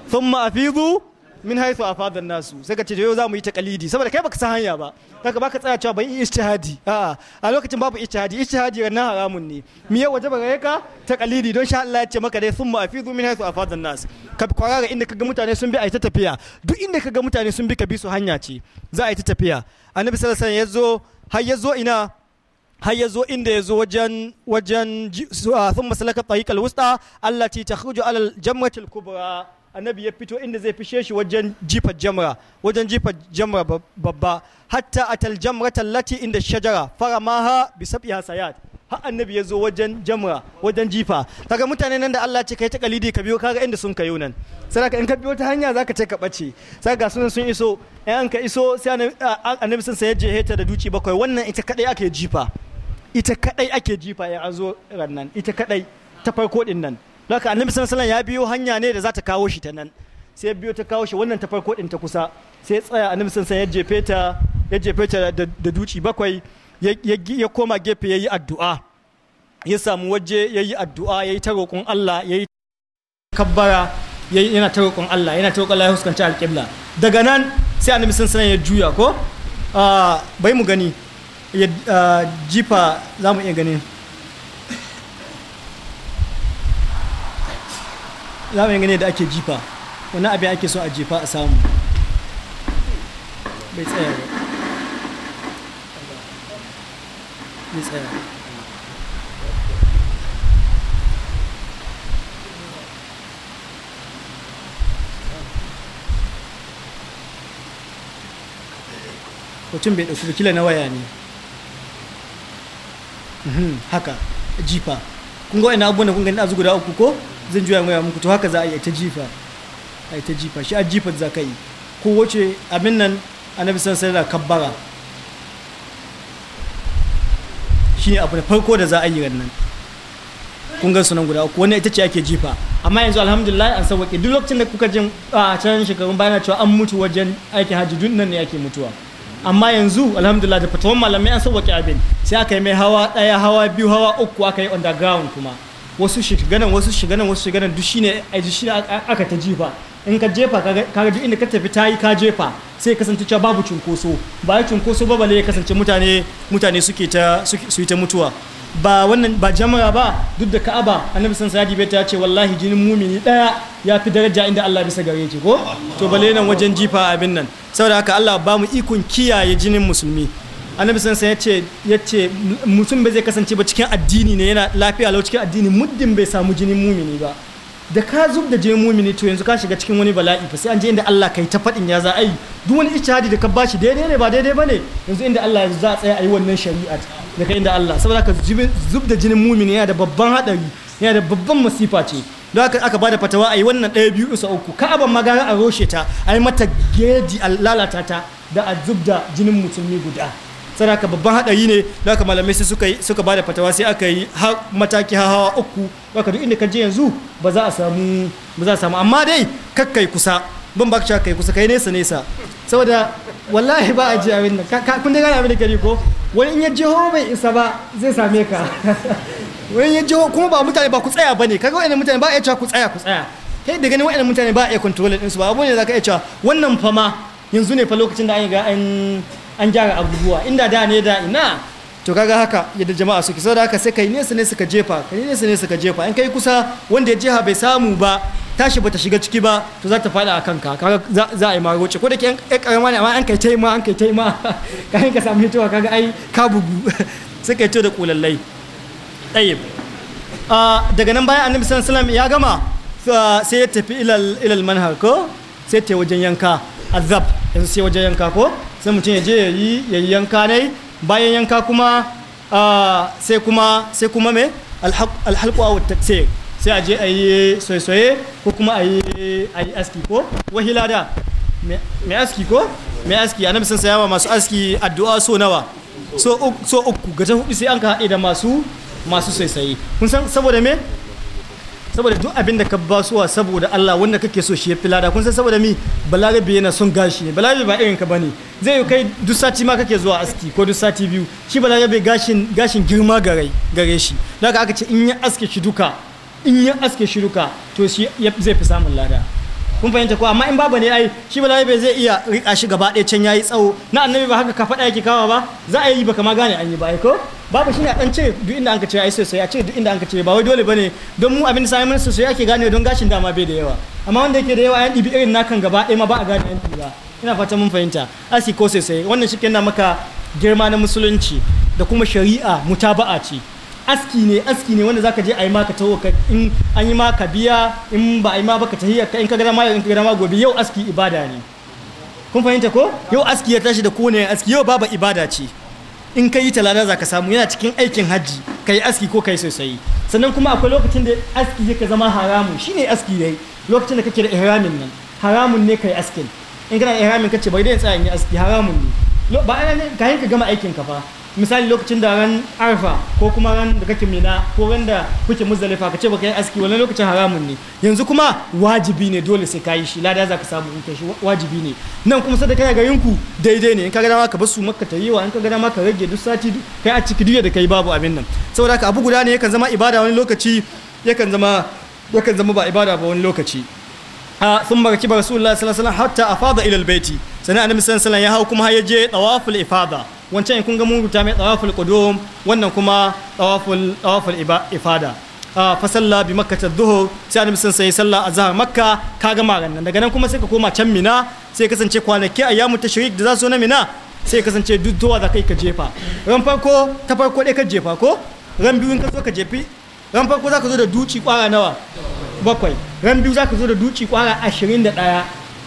thumma afizu min haithu afada nasu sai ka ce yau za mu yi taqalidi saboda kai baka san hanya ba kaga baka tsaya cewa ban yi ijtihadi a a lokacin babu ijtihadi ijtihadi na haramun ne mi ya waje gare ka taqalidi don sha Allah ya ce maka dai summa afidu min a afada nas ka kwarara inda kaga mutane sun bi a ta tafiya duk inda kaga mutane sun bi ka bi su hanya ce za a yi ta tafiya annabi sallallahu alaihi wasallam yazo har yazo ina har ya zo inda ya zo wajen wajen sun masalaka tsayi kalwusta Allah ce ta hujo alal jammatul kubra annabi ya fito inda zai fishe shi wajen jifa jamra wajen jifa jamra babba hatta atal taljamra tallati inda shajara maha bi sabiha sayat har annabi ya zo wajen jamra wajen jifa kaga mutane nan da Allah ce kai ta kalidi ka biyo kaga inda sun kayo nan sai in ka biyo ta hanya zaka ce ka bace sai ga sunan sun iso in ka iso sai annabi sun sayar heta da duci bakwai wannan ita kadai ake jifa ita kadai ake jifa ya ran nan ita kadai ta farko din nan don annabi sallallahu ya biyo hanya ne da za ta kawo shi ta nan sai ya biyo ta kawo shi wannan ta farko din ta kusa sai tsaya annabi sallallahu ya jefe ta ya jefe ta da duci bakwai ya koma gefe ya yi addu'a ya samu waje ya yi addu'a ya yi ta roƙon Allah ya yi kabbara yana ta roƙon Allah yana ta roƙon Allah ya huskanci alƙibla daga nan sai annabi sallallahu ya juya ko ah, bai mu gani ah, jifa za mu iya ganin za mu yi gane da ake jifa wani abin ake so a jifa a samu bai tsaya ba bai tsaya mutum bai ɗauki kila na waya ne mhm, haka jifa kun ga wani abubuwan da kun gani a zuguda uku ko zan juya gaya muku to haka za a yi ta jifa a yi ta jifa shi a jifa za ka yi ko wace abin nan annabi san sai da kabbara shi ne abu da farko da za a yi rannan kun ga sunan guda uku wani ita ce ake jifa amma yanzu alhamdulillah an sauwaƙe duk lokacin da kuka jin a can shekarun bayan cewa an mutu wajen aikin hajji duk nan ne ake mutuwa amma yanzu alhamdulillah da fatawan malamai an sauwaƙe abin sai aka yi mai hawa ɗaya hawa biyu hawa uku aka yi underground kuma wasu nan wasu nan wasu nan duk shine a shi aka ta jifa in ka jefa kaga duk inda ka tafi ta yi ka jefa sai kasance cewa babu cunkoso ba ya cunkoso ba bale ya kasance mutane mutane ta su yi ta mutuwa ba wannan ba jama'a ba duk da ka'aba annabi san sadi bai ta ce wallahi jinin mumini daya ya fi daraja inda Allah bisa gare ki ko to bale nan wajen jifa abin nan saboda haka Allah ba mu ikon kiyaye jinin musulmi annabi sun san yace yace mutum bai zai kasance ba cikin addini ne yana lafiya lau cikin addini muddin bai samu jinin mumini ba da ka zub da jinin mumini to yanzu ka shiga cikin wani bala'i fa sai an je inda Allah kai ta fadin ya za a duk wani ijtihadi da ka bashi daidai ne ba daidai ne yanzu inda Allah za a tsaya a yi wannan shari'a da kai inda Allah saboda ka zub da jinin mumini yana da babban hadari yana da babban masifa ce don haka aka bada fatawa a yi wannan ɗaya biyu isa uku ka'aban magana a roshe ta a yi mata gedi a lalata ta da a zub da jinin musulmi guda sai haka babban hadari ne da aka malamai sai suka suka bada fatawa sai aka yi mataki hawa uku baka duk inda ka je yanzu ba za a samu ba za a samu amma dai kakkai kusa ban baka cewa kai kusa kai nesa nesa saboda wallahi ba a ji abin nan kun dai gane abin da kari ko wani in ya jeho bai isa ba zai same ka wani ya jeho kuma ba mutane ba ku tsaya bane kaga wani mutane ba a cewa ku tsaya ku tsaya kai da ganin wani mutane ba a iya control din su ba abu ne zaka iya cewa wannan fama yanzu ne fa lokacin da an yi ga an an gyara abubuwa inda da ne da ina to kaga haka yadda jama'a suke saboda haka sai kai nesa ne suka jefa kai nesa ne suka jefa in kai kusa wanda ya jeha bai samu ba tashi bata shiga ciki ba to za ta faɗa a kanka kaga za a yi wuce ko da ke yan karama ne amma an kai taima an kai taima kai ka samu hitowa kaga ai ka bugu sai kai to da kulallai ɗayib daga nan bayan annabi sallallahu alaihi wasallam ya gama sai ya tafi ilal ilal manhar ko sai ta wajen yanka azab yanzu sai wajen yanka ko sai mutum ya je ya yi yanka ne bayan yanka kuma sai kuma sai kuma me alhalqu wata taksir sai a je a yi soye-soye ko kuma a yi aski ko wahila da mai aski ko mai aski annabi sun sayawa masu aski addu'a so nawa so uku ga ta hudu sai an ka haɗe da masu masu soye-soye kun san saboda me saboda duk abin da ka basuwa saboda Allah wanda kake so shi ya fi lada kun san saboda mi balarabe yana son gashi ne balarabe ba irin ka bane zai yi kai duk sati ma kake zuwa aski ko duk sati biyu shi balarabe gashin gashin girma gare gare shi da aka ce in ya aske shi duka in ya aske shi duka to shi zai fi samun lada kun fahimta ko amma in babu ne ai shi balarabe zai iya rika shi gaba ɗaya can yayi tsawo na annabi ba haka ka faɗa yake kawa ba za a yi baka ma gane an yi ba ko babu ne a dan ce duk inda anka ce ai sosai a ce duk inda anka ce ba wai dole bane don mu abin sai mun sosai ake gane don gashin dama bai da yawa amma wanda yake da yawa yan dibi irin nakan gaba ɗaya ma ba a gane an ba ina fata mun fahimta asi ko sosai wannan shi kenan maka girma na musulunci da kuma shari'a mutaba'a ce aski ne aski ne wanda zaka je a yi maka taho ka in an yi maka biya in ba a yi ma baka tahiyar ka in ka gama in ka gama gobe yau aski ibada ne kun fahimta ko yau aski ya tashi da kowane aski yau baba ibada ce in ka yi talada zaka samu yana cikin aikin hajji ka yi aski ko ka yi sosai sannan kuma akwai lokacin da aski yake zama haramun shine aski dai lokacin da kake da ihramin nan haramun ne ka yi askin in kana ihramin kace bai dai tsaya in yi aski haramun ne ba ana ne ka ka gama aikin ka fa misali lokacin da ran arfa ko kuma ran da kake mina ko ran da kuke muzdalifa ka ce baka yi aski wannan lokacin haramun ne yanzu kuma wajibi ne dole sai kayi shi lada za ka samu in kai shi wajibi ne nan kuma sadaka garin ku daidai ne in ka ga dama ka basu makka ta yiwa in ka ga dama ka rage duk sati kai a ciki duk da kai babu abin nan saboda haka abu guda ne yakan zama ibada wani lokaci yakan zama yakan zama ba ibada ba wani lokaci sun baraki ba rasulullahi sallallahu alaihi wasallam hatta afada ila albayti sanan annabi sallallahu alaihi wasallam ya hau kuma ya je tawaful ifada wancan kun ga mun rubuta mai tawaful qudum wannan kuma tsawaful tawaful ifada ah, fa fasalla bi makka ta dhuhr sai annabi sun sai sallah azhar makka ka gama ran daga nan kuma sai ka koma can mina sai kasance kwanaki ayyamu tashrik da za su na mina sai kasance duk zuwa za kai ka jefa ran farko ta farko dai ka jefa ko ran biyu ka zo ka jefi ran farko za ka zo da duci kwara nawa bakwai ran biyu za ka zo da duci kwara ashirin da ɗaya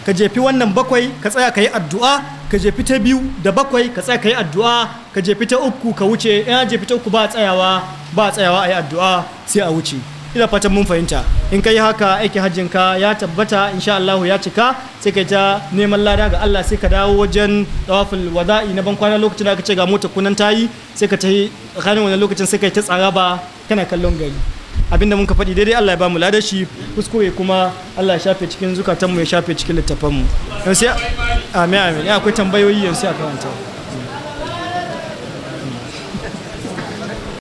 ka jefi wannan bakwai ka tsaya ka yi addu'a ka jefi ta biyu da bakwai ka tsaya ka yi addu'a ka jefi ta uku ka wuce ina jefi ta uku ba tsayawa ba tsayawa a yi addu'a sai a wuce ina fatan mun fahimta in ka yi haka aikin hajjinka ya tabbata insha Allah ya cika sai ka ta neman lada ga Allah sai ka dawo wajen tawaful wada'i na bankwana lokacin da ka ce ga mota kunan tayi sai ka ta yi tsakanin wannan lokacin sai ka ta tsaraba kana kallon gari abinda mun ka faɗi daidai Allah ya bamu lada shi kuskure kuma Allah ya shafe cikin zukatanmu ya shafe cikin littafanmu yanzu amin amin akwai tambayoyi yanzu a karanta